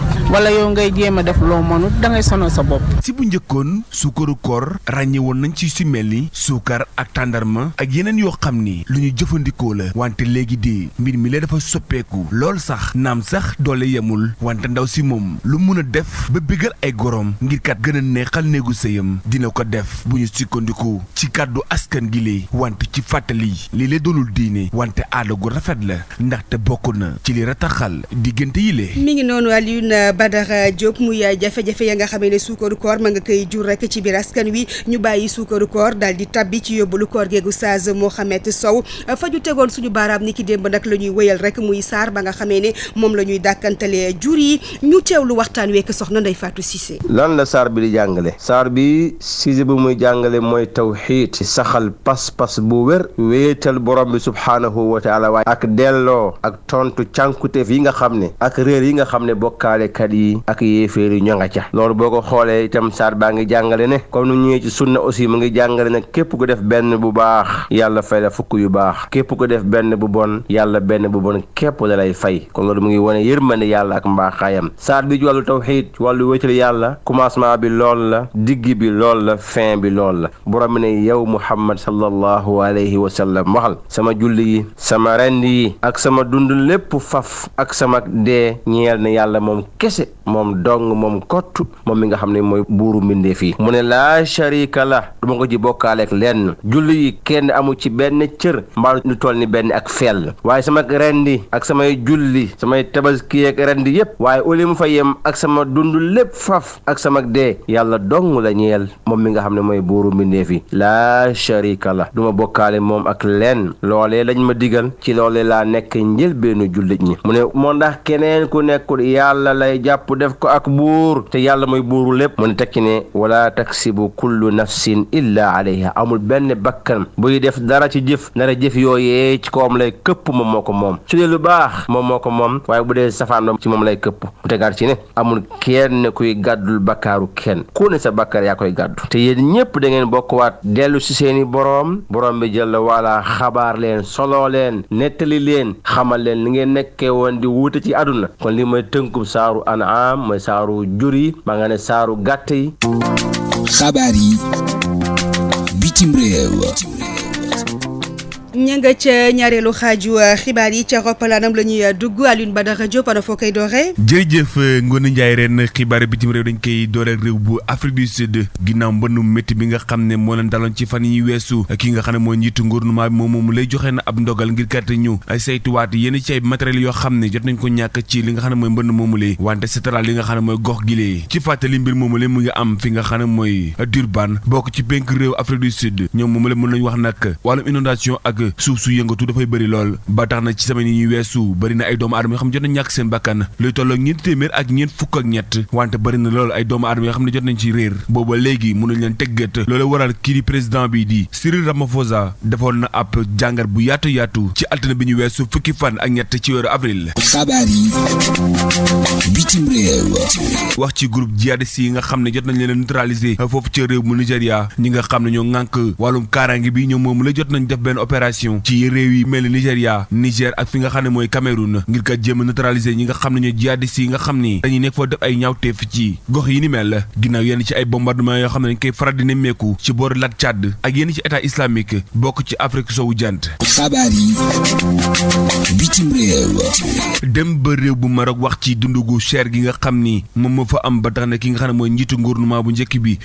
mënoo sa bopp. si bu njëkkoon suukaru koor ràññe woon nañ ci si mel ni suukar ak tàndarma ak yeneen yoo xam ni lu ñu jëfandikoo la wante léegi di mbir mi la dafa soppeeku lool sax naam sax doole yemul wante ndaw si moom lu mun a def ba bégal ay gorom ngir kat gën neexal néegu sëyam dina ko def bu ñu sukkandiku ci kàddu askan gi lee wante ci fàttali li la doonul diine wante aada gu rafet la ndaxte bokk na ci li rataxal diggante yi lee. mi ngi noonu ne suukaru koor ma nga koy jur rek ci biir askan wi ñu bàyyi suukaru koor daal di tabbi ci yóbbalu koor moo Oustaz Mohamed Sow fa ñu tegoon suñu baaraam ni ki démb nag la ñuy wëyal rek muy saar ba nga xamee ne moom la ñuy dàkkantale jur yi ñu lu waxtaan week soxna Ndeye Fatou Cissé. lan la saar bi di jàngale. saar bi Cissé bu muy jàngale mooy tawxiid ci saxal pas-pas bu wër wéetal borom bi subhaanahu wa taala waaye ak delloo ak tontu cànkuteef yi nga xam ne ak réer yi nga xam ne bokkaalekat yi ak yéeféer yi ñoo nga ca ko itam saar baa ngi jàngale ne kon nu ñëwee ci sunna aussi mu ngi jàngale ne képp ku def benn bu baax yàlla fay la fukk yu baax képp ku def benn bu bon yàlla benn bu bon képp la lay fay kon loolu mu ngi wone yërmande yàlla ak mbaaxaayam saar bi ci wàllu tawxiid ci wàllu wéetal yàlla commencement bi lool la digg bi lool la fin bi lool la borom ne yow muhammad sallallahu alayhi wa sallam waxal sama julli yi sama rend yi ak sama dund lépp faf ak sama dee yàlla moom kese moom nga xam ne mooy buuru mbindeef mu ne laa sharika la du ma ko ci bokkaaleek lenn julli yi kenn amu ci benn cër mbaa lu toll ni benn ak fell waaye sama rendi ak samay julli samay tabaski ak rendi yépp waaye uli mu fa yem ak sama dund lépp faf ak sama dee yàlla dong la ñeel moom mi nga xam ne mooy buuru mbindeef yi laa sharika la duma bokkaale moom ak lenn loole lañ ma digal ci loolee laa nekk njëlbeenu jullit ñi mu ne moo keneen ku nekkul yàlla lay jàpp def ko ak buur te tuuru lépp mu ne tekki ne wala kullu nafsin illa alayha amul benn bakkan buy def dara ci jëf nara jëf yooyee ci koom lay këpp moom moo ko moom ci dee lu baax moom moo ko moom waaye bu dee safaan ba ci moom lay këpp mu tegaat ci ne amul kenn kuy gàddul bakkaaru kenn ku ne sa bakkaar yaa koy gàddu te yéen ñépp da ngeen bokkuwaat dellu ci seeni boroom boroom bi jël wala xabaar leen solo leen nettali leen xamal leen li ngeen nekkee woon di wuute ci àdduna kon li saaru gàtt yi xabaar yi bitim réew ña nga ca ñaareelu xaaju euh, xibaar yi ca roppalaanam la ñuy euh, dugg Alioune Badara Diop ana foo koy dooree. jërëjëf euh, Ngoné Ndiaye ren xibaar bitim réew dañ koy dooree réew bu Afrique du Sud ginnaaw mbëndu métti bi nga xam ne moo leen daloon ci fan yi weesu ki nga xam ne moo njiitu gouvernement bi moom moom lay joxe na ab ndogal ngir kat ñu saytuwaat yenn ci ay matériel yoo xam ne jot nañ ko ñàkk ci li nga xam ne mooy mbënd moomu la wante setaraal li nga xam ne mooy gox gilee ci fàttali mbir moomu mu ngi am fi nga xam ne mooy Durban bokk ci penk réew Afrique du Sud ñoom moomu la mën nañ wax nag wàllum inondation ak nag suuf su yëngatu dafay bëri lool ba tax na ci semaine yi ñuy weesu bëri na ay doomu aadama yoo xam jot nañ ñàkk seen bakkan luy tolloo ñeenti téeméer ak ñeent fukk ak ñett wante bëri na lool ay doomu aadama yoo xam ne jot nañ ci réer booba léegi mënuñ leen loolu waral kii di bi di Cyril Ramaphosa defoon na ab jàngat bu yaatu yaatu ci altine bi ñu weesu fukki fan ak ñett ci weeru avril xabaar yi bitim réew mu Nigéria ñi nga xam nañ opération ci réew yi mel ni Niger ak fi nga xam ne mooy Cameroun ngir kat jéem a neutraliser ñi nga xam ne ñooy yi nga xam ni dañuy nekk foo def ay ñaawteef ci gox yi ni mel ginnaaw yenn ci ay bombardement yoo xam ne dañ koy faral di nemmeeku ci booru Lat Tchad ak yenn ci état islamique bokk ci Afrique sowu jant. xabaar yi bitim réew. dem ba réew bu Maroc wax ci dundu gu cher gi nga xam ni moom moo fa am ba tax na ki nga xam ne mooy njiitu gouvernement bu njëkk bi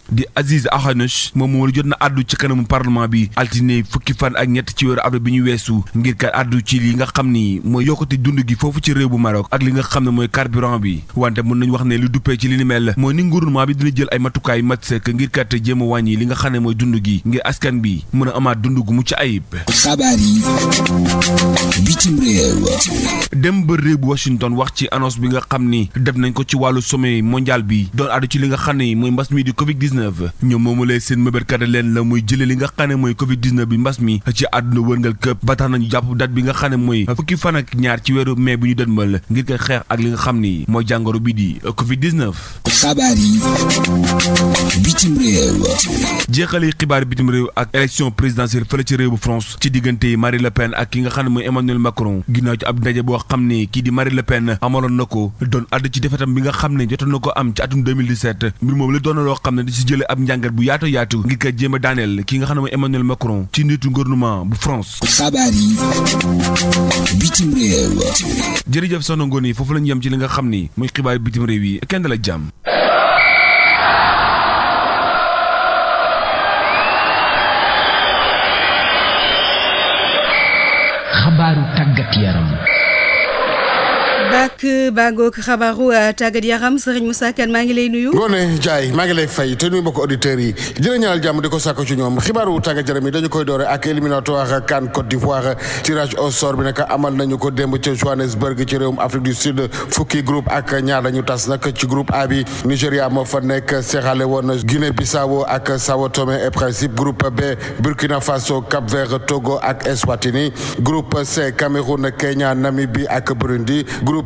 weeru avril bi ñu weesu ngir kat addu ci li nga xam ni mooy yokkute dund gi foofu ci réew bu Maroc ak li nga xam ne mooy carburant bi wante mën nañu wax ne lu duppee ci li ni mel mooy ni gouvernement bi dina jël ay matukaay mat sëkk ngir kat jéem a wàññi li nga xam ne mooy dund gi ngir askan bi mën a amaat dund gu mucc ayib. xabaar yi bitim réew. dem ba réew bu Washington wax ci annonce bi nga xam ni def nañ ko ci wàllu sommet mondial bi doon addu ci li nga xam ne mooy mbas mi di Covid 19 ñoom seen mëbërkat leen la muy jëlee li nga xam ne mooy Covid 19 bi mbas mi ci àdduna wërngal këpp ba tax nañu jàpp mooy fukki fan ak ñaar ci weeru mai bi ñu dënmal bi di covid 19 xabaar yi bitim réew jeexali xibaar bitim réew ak élection présidentielle fële ci réew bu France ci diggante Marie Le Pen ak ki nga xam ne mooy Emmanuel Macron ginnaaw ci ab ndaje boo xam ne kii di Marie Le Pen amaloon na ko doon àdd ci defetam bi nga xam ne jotoon na ko am ci atum 2017 mbir moom la doon loo xam ne di si jële ab njàngat bu yaatu yaatu ngir ko jéem a daaneel ki nga xam ne Emmanuel Macron ci njiitu gouvernement bu France France. xabaar yi bitim réew. jërëjëf soxna foofu lañ yem ci li nga xam ni muy xibaar bitim réew yi kenn dala jàmm. Barak Bago xabaaru eh, tàggat yaram sëriñ Moussa Kane maa ngi lay nuyu. Ngoné Ndiaye maa ngi lay fay te nuyu mbokki auditeurs yi dina ñaanal jàmm di ko sàkku ci ñoom xibaaru tàggat yaram yi dañu koy doore ak éliminatoire CAN Côte d'Ivoire tirage au bi nag amal nañu ko démb ca Johannesburg ci réewum Afrique du Sud fukki groupe ak ñaar dañu tas nag ci groupe A bi Nigéria moo nekk Sierra Leone Guinée Bissau ak Sao Tomé Principe groupe B Burkina Faso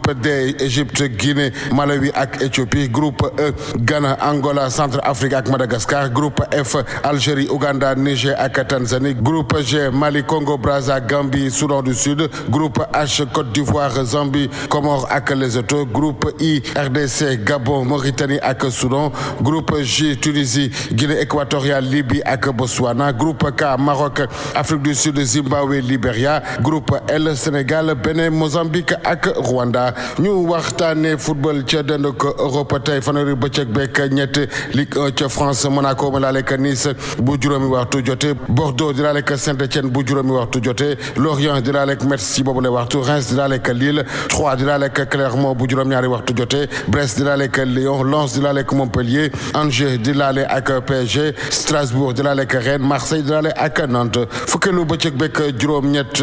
groupe D Égypte Guinée Malawi ak Éthiopie groupe E Ghana Angola Centrafrique ak Madagascar groupe F Algérie Ouganda Niger ak Tanzanie groupe G Mali Congo Brazza Gambie Soudan du Sud groupe H Côte d'Ivoire Zambie Comores ak Lesotho groupe I RDC Gabon Mauritanie ak Soudan groupe J Tunisie Guinée équatoriale Libye ak Botswana groupe K Maroc Afrique du Sud Zimbabwe Libéria groupe L Sénégal Bénin Mozambique ak Rwanda Sénégal ñu waxtaanee football ca dend ko Europe tey fanweeri bëccëg bekk ñett Ligue 1 ca France Monaco ma laaleka Nice bu juróomi waxtu jotee Bordeaux di laaleka Saint-Étienne bu juróomi waxtu jotee Lorient di laalek Metz ci boobu lay waxtu Reims di laaleka Lille Troyes di laalek Clermont bu juróom-ñaari waxtu jote Brest di laalek Lyon Lens di laalek Montpellier Angers di laale ak PSG Strasbourg di laalek Rennes Marseille di laale ak Nantes fukkeelu bëccëg bekk juróom-ñett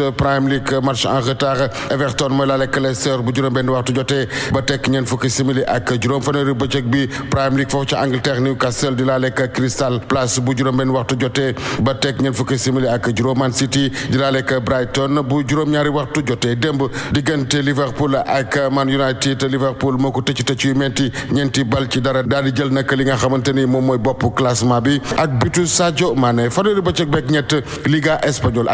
benn waxtu jotee ba tekk ñeent fukki simili ak juróom fanweeri bëccëg bi Premier League foofu ca Angleterre Newcastle di laalek Crystal Palace bu juróom benn waxtu jotee ba tekk ñeent fukki simili ak juróom Man City di laalek Brighton bu juróom ñaari waxtu jotee démb diggante Liverpool ak Man United Liverpool moo ko tëcc tëcc yu metti ñeenti bal ci dara daal jël nag li nga xamante ni moom mooy bopp classement bi ak bitu Sadio Mané fanweeri bëccëg beeg ñett Liga espagnol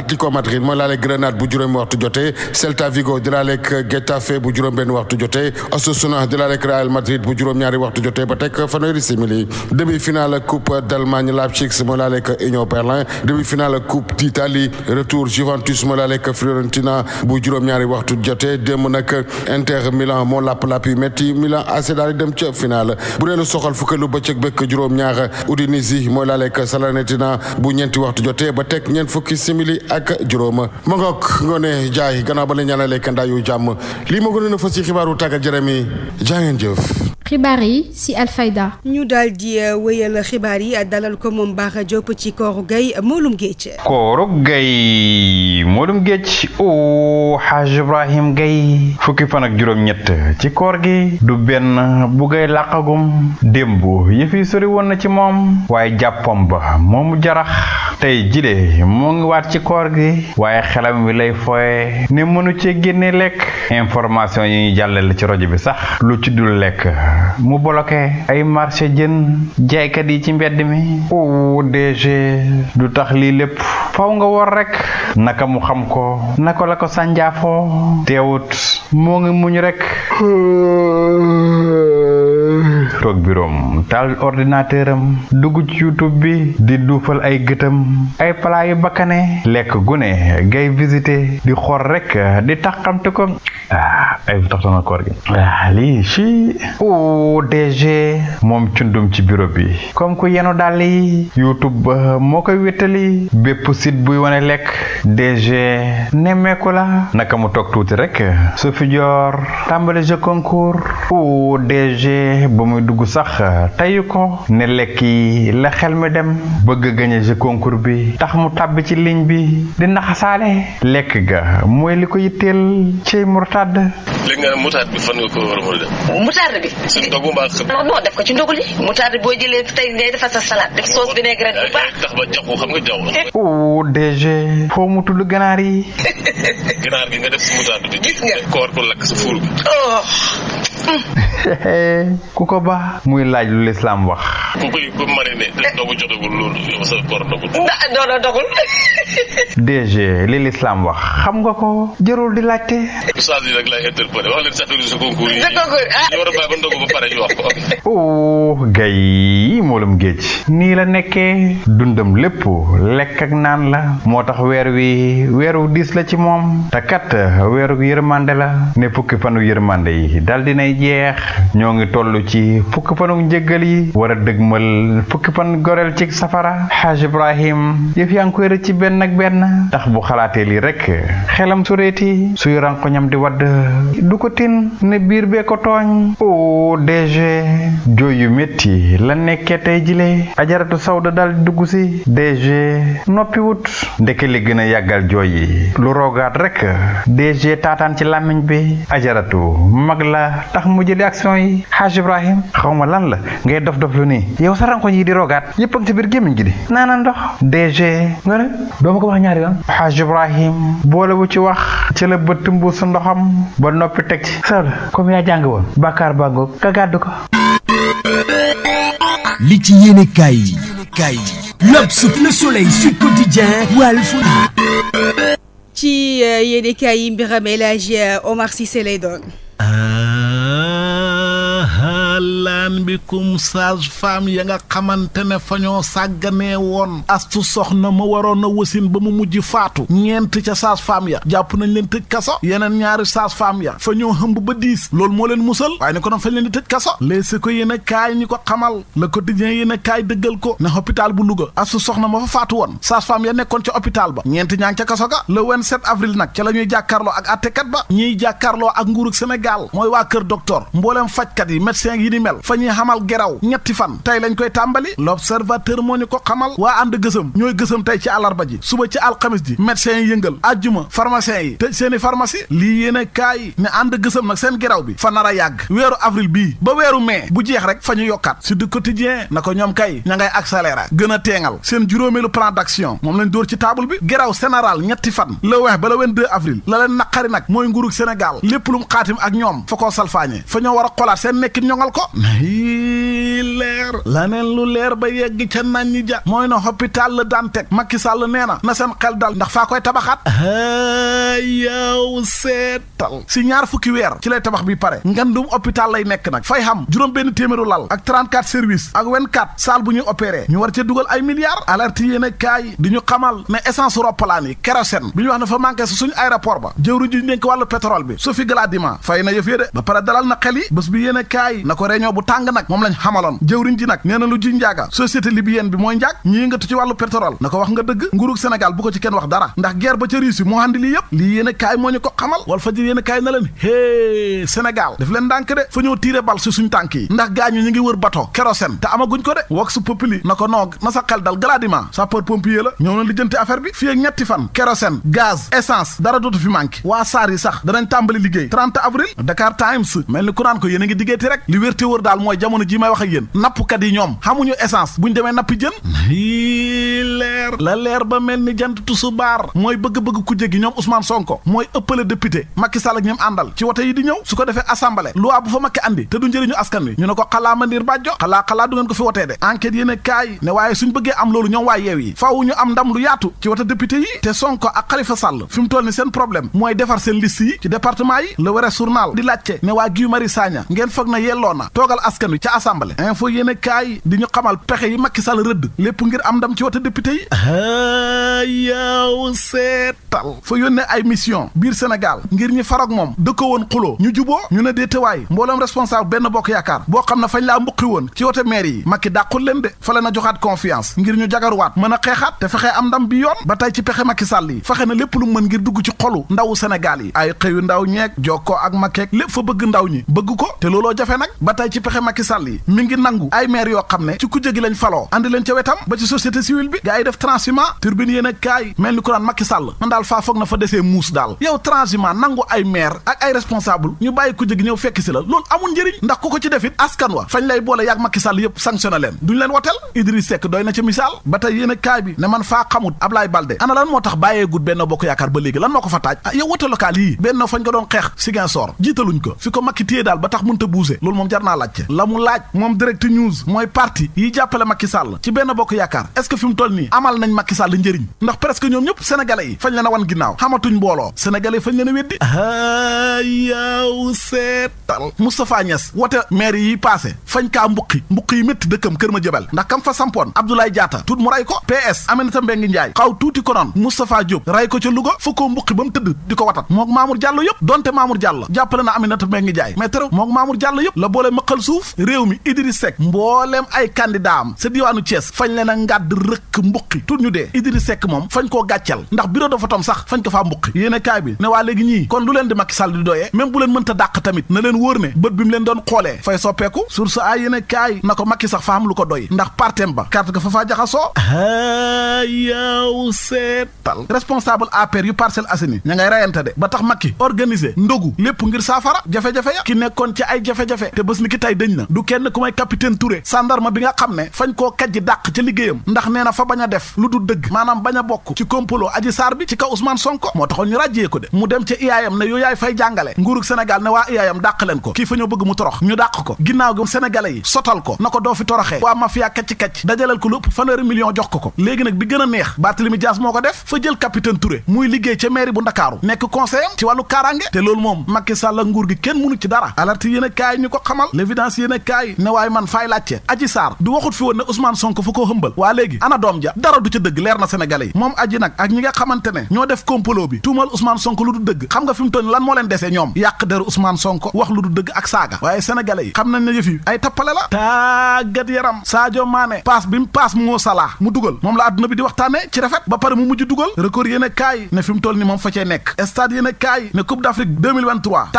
juróom-benn waxtu jotee Osasuna di la rek Real Madrid bu juróom-ñaari waxtu jotee ba teg fanweeri simili demi-finale coupe d'Allemagne Leipzig moo laa lekk Union Berlin demi-finale coupe d'Italie retour Juventus moo laa lekk Fiorentina bu juróom-ñaari waxtu jotee démb nag Inter Milan moo lapp-lapp metti Milan AC daal dem ca finale bu dee lu soxal fukkeelu bëccëg bekk juróom-ñaar Udinese moo laa lekk Salernitana bu ñeenti waxtu jotee ba teg ñeent fukki simili ak juróom ma ngoog ngoone jaay gannaaw ba la ñaanalee kandaayu jàmm la fa si xibaaru tàggat yaram yi xibaar yi ci Alfayda. ñu daal di euh, wéyal xibaar yi dalal ko moom Bara Diop ci kooru gay moolum géej. kooru gay moolum géej o xaaj Ibrahim gay fukki fan ak juróom ci koor gi du benn bu gay làqagum démb yëf sori woon na ci moom waaye jàppam ba moomu jarax tey jile moo ngi waat ci koor gi waaye xelam wi lay fooye ne mënu cee génne lekk information yi ñuy jàllale ci rajo bi sax lu ci dul lekk mu boloke ay marché jën jaaykat yi ci mbedd mi o DG du tax lii lépp faw nga war rek naka mu xam ko naka la ko sànjaafoo teewut moo ngi muñ rek [LAUGHS] toog biroom taal ordinateur am dugg ci youtube bi di duufal ay gëtam ay palaa yu bakkane lekk gune gay visité di xor rek di taxamte ko ah ay bu taxtana koor gi ah, lii ci o DG moom cundum ci bureau bi comme ku yenu dàll yi youtube ba moo koy wéttali bépp site buy wane lekk DG nemmeeku la naka mu toog tuuti rek su fi joor jeu concours o DG ba mu muy dugg sax euh, tayu ko ne lekki la xel mi dem bëgg gañe ci bi tax mu tàbbi ci ligne bi di lekk ga mooy li ko yitteel ci murtad léegi ndogu mbaa xëpp boo jëlee ngay defar sa salade def sauce vinaigrette bu baax tax ba [LAUGHS] foo mu tudd ganaar yi ganaar gi nga def si murtad bi ko war ko lakk sa fuur bi oh. mm. [LAUGHS] ku ko ba muy laaj lu lislaam wax. ku li lislaam wax xam nga ko jërul di laajte. saa yi nag laay ah. oh, géej. nii la nekkee dundam lépp lekk ak naan la moo tax weer wi weeru diis la ci moom te kat weeru yërmande la ne fukki fanu yërmande yi dal dinay jeex ñoo ngi toll ci. muy fukki fanuk njëggal yi war a dëgmal fukki fan goreel ci safara xaaj ibrahim yëf yaa ngi koy ci benn ak benn tax bu xalaatee lii rek xelam su reeti suy rankoñam di wadd du ko tin ne biir bee ko tooñ o DG jooy yu metti la nekkee tey jile ajaratu sawda dal dugg si DG noppi wut ndeke li gën a yàggal jooy yi lu roogaat rek DG taataan ci làmmiñ bi ajaratu mag la tax mu jëli action yi xaaj ibrahim xawma lan la ngay dof dof lu nii yow sa rankoñ yi di rogaat yëpp ak ci biir gémmiñ gi di naanaan ndox DG nga ne doo ma ko wax ñaari lan Haj Ibrahim boole bu ci wax ci la ba tëmbu su ndoxam ba noppi teg ci sala comme yaa jàng woon bàkkaar bàngoog nga gàddu ko li ci yéene kaay yi kaay yi L'Obs, Le Soleil, Sud Quotidien, Walf ci euh, yéene kaay yi mbiram El euh, Omar Cissé lay laan bikum sage femme ya nga xamante ne fa ñoo sàgganee woon astu soxna ma waroon na wasin ba mu mujj faatu ñeent ca sage femme ya jàpp nañ leen tëj kaso yeneen ñaari sage femme ya fa ñoo hëmb ba diis loolu moo leen musal waaye ne ko noon fañ leen di tëj kaso léegi ko yéen kaay ñi ko xamal le quotidien yéen a kaay dëggal ko ne hôpital bu Louga astu soxna ma fa faatu woon sage femme ya nekkoon ca hôpital ba ñeent ñaa ngi ca kaso ga la ñuy jàkkaarloo ak àttekat ba ñiy jàkkaarloo ak nguurug Sénégal mooy waa kër ni mel fa ñuy xamal geraw ñetti fan tey lañ koy tàmbali l'observateur moo ñu ko xamal waa ànd gësëm ñooy gësëm tey ci àllarba ji suba ci alxamis ji médecins yi yëngal ajjuma pharmaciens yi tëj seeni pharmacie lii yéene kaay yi ne ànd gësëm nag seen geraw bi fa nar a yàgg weeru avril bii ba weeru mai bu jeex rek fa ñu yokkaat su du quotidien na ko ñoom kay ña ngay accélérer gën a teengal seen juróomeelu plan d'action moom lañ dóor ci table bi geraw général ñetti fan la weex ba la 22 avril la leen naqari nag mooy nguurug Sénégal lépp lu mu xaatim ak ñoom fa koo salfaañe fa ñoo a leer laneen lu leer ba yegg ca nañ ñi ja mooy na hôpital la daan teg Macky Sall nee na na seen xel dal ndax faa koy tabaxaat yow seetal si ñaar fukki weer ci lay tabax bi pare ngandum hôpital lay nekk na fay xam juróom benn téeméeru lal ak 34 service ak 24 salle bu ñuy opéré ñu war cee dugal ay milliards alerte yéene kaay di ñu xamal ne essence roppalaan yi kérosène bu ñu wax ne fa manqué sa suñ aéroport ba jëwru ji ñu dénk bi Sophie Gladima fay na ko réunion bu tàng nag moom lañ xamaloon jëwriñ ji nag nee na lu ji njaaga société libyenne bi mooy njaag ñii ngatu ci wàllu pétrole na ko wax nga dëgg nguurug Sénégal bu ko ci kenn wax dara ndax guerre ba ca Russie moo àndi lii lii yéen a kaay moo ñu ko xamal wal fa ji yéen a kaay na leen hé Sénégal daf leen ndànk de fa ñoo tiire bal si suñ tànk yi ndax gaañu ñu ngi wër bato kérosène te amaguñ ko de wax su na ko noog na dal gladiment wér te wër daal mooy jamono ji may wax a yéen nappkat yi ñoom xamuñu essence bu ñu demee nappi jën leer la leer ba mel ni jant tusubaar mooy bëgg-bëgg kujje gi ñoom Ousmane Sonko mooy ëppale député Macky Sall ak ñoom àndal ci wote yi di ñëw su ko defee assemblée loi bu fa Macky andi te du njëriñu askan wi ñu ne ko xalaa mandir bàjjo xalaa xalaa du ngeen ko fi wotee de enquête yéen kaay ne waaye suñ bëggee am loolu ñoom waa yeew yi faaw am ndam lu yaatu mu toll ni seen problème mooy defar seen yi ci département yi le were journal di national toogal askan wi ca assemblée info yéen a kaay di ñu xamal pexe yi Macky Sall rëdd lépp ngir am ndam ci wote député yi a ah, yaaw seetal fa yónnee ay mission biir Sénégal ngir ñi faroog moom dëkkoo woon xuloo ñu juboo ñu ne dee déetewaay mbooloom responsable benn bokk yaakaar boo xam ne fañ laa mbuqi woon ci wote maire yi Macky dàqul leen de fa leen a joxaat confiance ngir ñu jagaruwaat mën a xeexaat te fexe am ndam bi yoon ba tey ci pexe Macky Sall yi fexe na lépp lu mën ngir dugg ci xolu ndawu Sénégal yi ay xëyu ndaw ñeek jokkoo ak Macky lépp fa bëgg ndaw ñi bëgg ko tey ci pexe Macky Sall yi mi ngi nangu ay maire yoo xam ne ci kujje gi lañ faloo andi leen ca wetam ba ci société civile bi gaa yi def transhumant turbine yéen a kaay mel ni kuraan Macky Sall man daal faa foog na fa desee muus daal yow transhumant nangu ay maire ak ay responsable ñu bàyyi kujje gi ñëw fekk si la loolu amul njëriñ ndax ku ko ci defit askan wa fañ lay boole yaag Macky Sall yëpp sanctionné leen duñ leen woteel Idriss Seck doy na ci misaal ba tey yéen a kaay bi ne moo bàyyee gut benn yaakaar ba léegi lan moo ko fa taaj ah yow wote local yii benn fañ ko doon xeex Ziguinchor jiitaluñ ko fi ko naa laajte la mu laaj moom direct news mooy parti yi jàppale Macky Sall ci benn bokk yaakaar est-ce fi mu toll nii amal nañ Macky Sall njëriñ ndax presque ñoom ñëpp sénégalais yi fañ leen a wan ginnaaw xamatuñ mbooloo sénégalais yi fañ leen a weddi a ah, yaaw seetal Moustapha Niass wote maire yi passé fañ kaa mbuqi mbuqi yi métti dëkkam kër ma jëbal ndax kam fa sampoon Abdoulaye Diatta tuut mu ray ko PS Aminata Mbengue Ndiaye xaw tuuti konoon Moustapha Diop ray ko ca Louga fa koo mbuqi ba mu tëdd di ko watat mook Mamour Diallo yëpp donte Mamour na Aminata maqal suuf réew mi Idriss Seck mbooleem ay candidat am sa diwaanu Thiès fañ leen a ngàdd rëkk mbuqi tur ñu dee Idriss Seck moom fañ koo gàccal ndax bureau de vote am sax fañ ko faa mbuqi yéene kaay bi ne waa léegi ñii kon lu leen di Macky Sall di doyee même bu leen mënta dàq tamit na leen wóor ne bët bi mu leen doon xoolee fay soppeeku source a yéene kaay na ko Macky sax fa am lu ko doy ndax partem ba carte ga fa faa jaxasoo ayaw ah, seetal responsable APR yu Parcelles Assainies ña ngay de ba tax Macky organiser ndogu lépp ngir saafara jafe-jafe ya ki nekkoon ci ay jafe-jafe te bés ni ki tey dañ na du kenn ku may capitaine Touré sandarma bi nga xam ne fañ koo kajji dàq ca liggéeyam ndax nee na fa bañ a def lu du dëgg maanaam bañ a bokk ci complot Adji Sarr bi ci kaw Ousmane Sonko moo taxoon ñu ràjjee ko de mu dem ca IAM ne yow fay jàngale nguurug Sénégal ne waa IAM dàq leen ko kii fa ñoo bëgg mu torox ñu dàq ko ginnaaw gi Sénégalais yi sotal ko na ko doo fi toroxee waa mafia kacc-kacc dajaleel ko lu ëpp million jox ko ko léegi nag bi g a neex Barthélemy Dias moo ko def fa jël capitaine Touré muy liggéey ca mairie bu Ndakaaru nekk conseil am ci wàllu kaaraange te gi kenn mënu ci l'évidence yéen a kaay ne waaye man faay laajte aji saar du waxut fi woon ne Ousmane Sonko fa hëmbal waa léegi ana doom ja dara du ca dëgg leer na sénégalais yi moom aji nag ak ñi nga xamante ne ñoo def complot bi tuumal Ousmane Sonko lu du dëgg xam nga fi mu toll lan moo leen desee ñoom yàq deru Ousmane Sonko wax lu du dëgg ak saaga waaye sénégalais yi xam nañ ne yëf yi ay tappale la tàggat yaram Sadio paas bi mu paas moo salaa mu dugal moom la adduna bi di waxtaane ci rafet ba pare mu mujj toll ni moom fa cee nekk stade yéen a kaay ne coupe d'Afrique 2023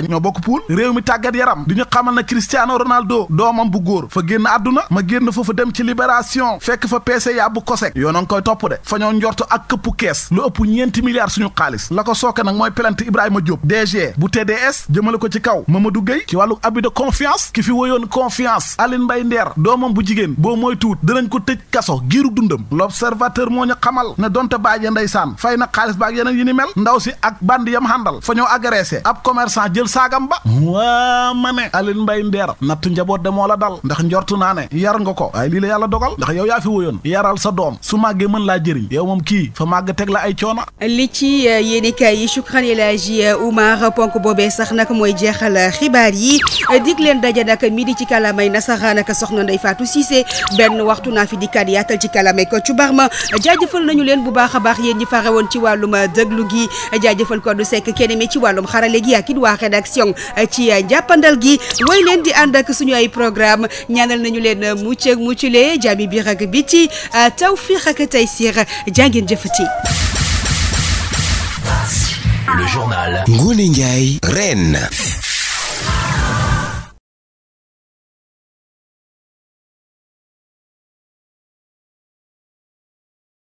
Espagne ñoo bokk pool réew mi tàggat yaram di ñu xamal na Cristiano Ronaldo doomam bu góor fa génn adduna ma génn foofu dem ci libération fekk fa PCA bu COSEC yoonoon koy topp de fa ñoo njortu ak këppu kees lu ëpp ñeenti milliards suñu xaalis la ko sooke nag mooy pelant Ibrahima Diop DG bu TDS jëmale ko ci kaw Mamadou Gueye ci wàllu abus de confiance ki fi woyoon confiance Aline Mbaye Ndeer doomam bu jigéen boo mooy tuut ko tëj kaso giiru dundam l'observateur moo ñu xamal ne donte baaje ndeysaan fay na xaalis baak yeneen yi ni mel ndaw si ak band yam xàndal fa ñoo saagam ba waa ma ne Alioune Mbaye Nder nattu njaboot de moo la dal ndax njortu naa ne yar nga ko waaye lii la yàlla dogal ndax yow yaa fi woyoon yaral sa doom su màggee mën laa jëriñ yow moom kii fa màgg teg la ay coona li ci euh, yéenekaay yi Shukran El Hadji euh, Oumar ponk boobee sax nag mooy jeexal euh, xibaar yi dig leen daje nag midi ci kalamay nasaraan ak soxna Ndeye Fatou Cissé benn waxtu naa fi dikkaat yaatal ci kalamay ko ci barma jaajëfal nañu leen bu baax a baax yéen ñi fare woon ci wàllum déglu gi jaajëfal ko du sekk kenn ci wàllum xarale rédaction ci njàppandal gi way leen di ànd ak suñu ay programme ñaanal nañu leen mucc ak muccule jaabi biir ak biti tawfiq ak taysir jàngeen jëfati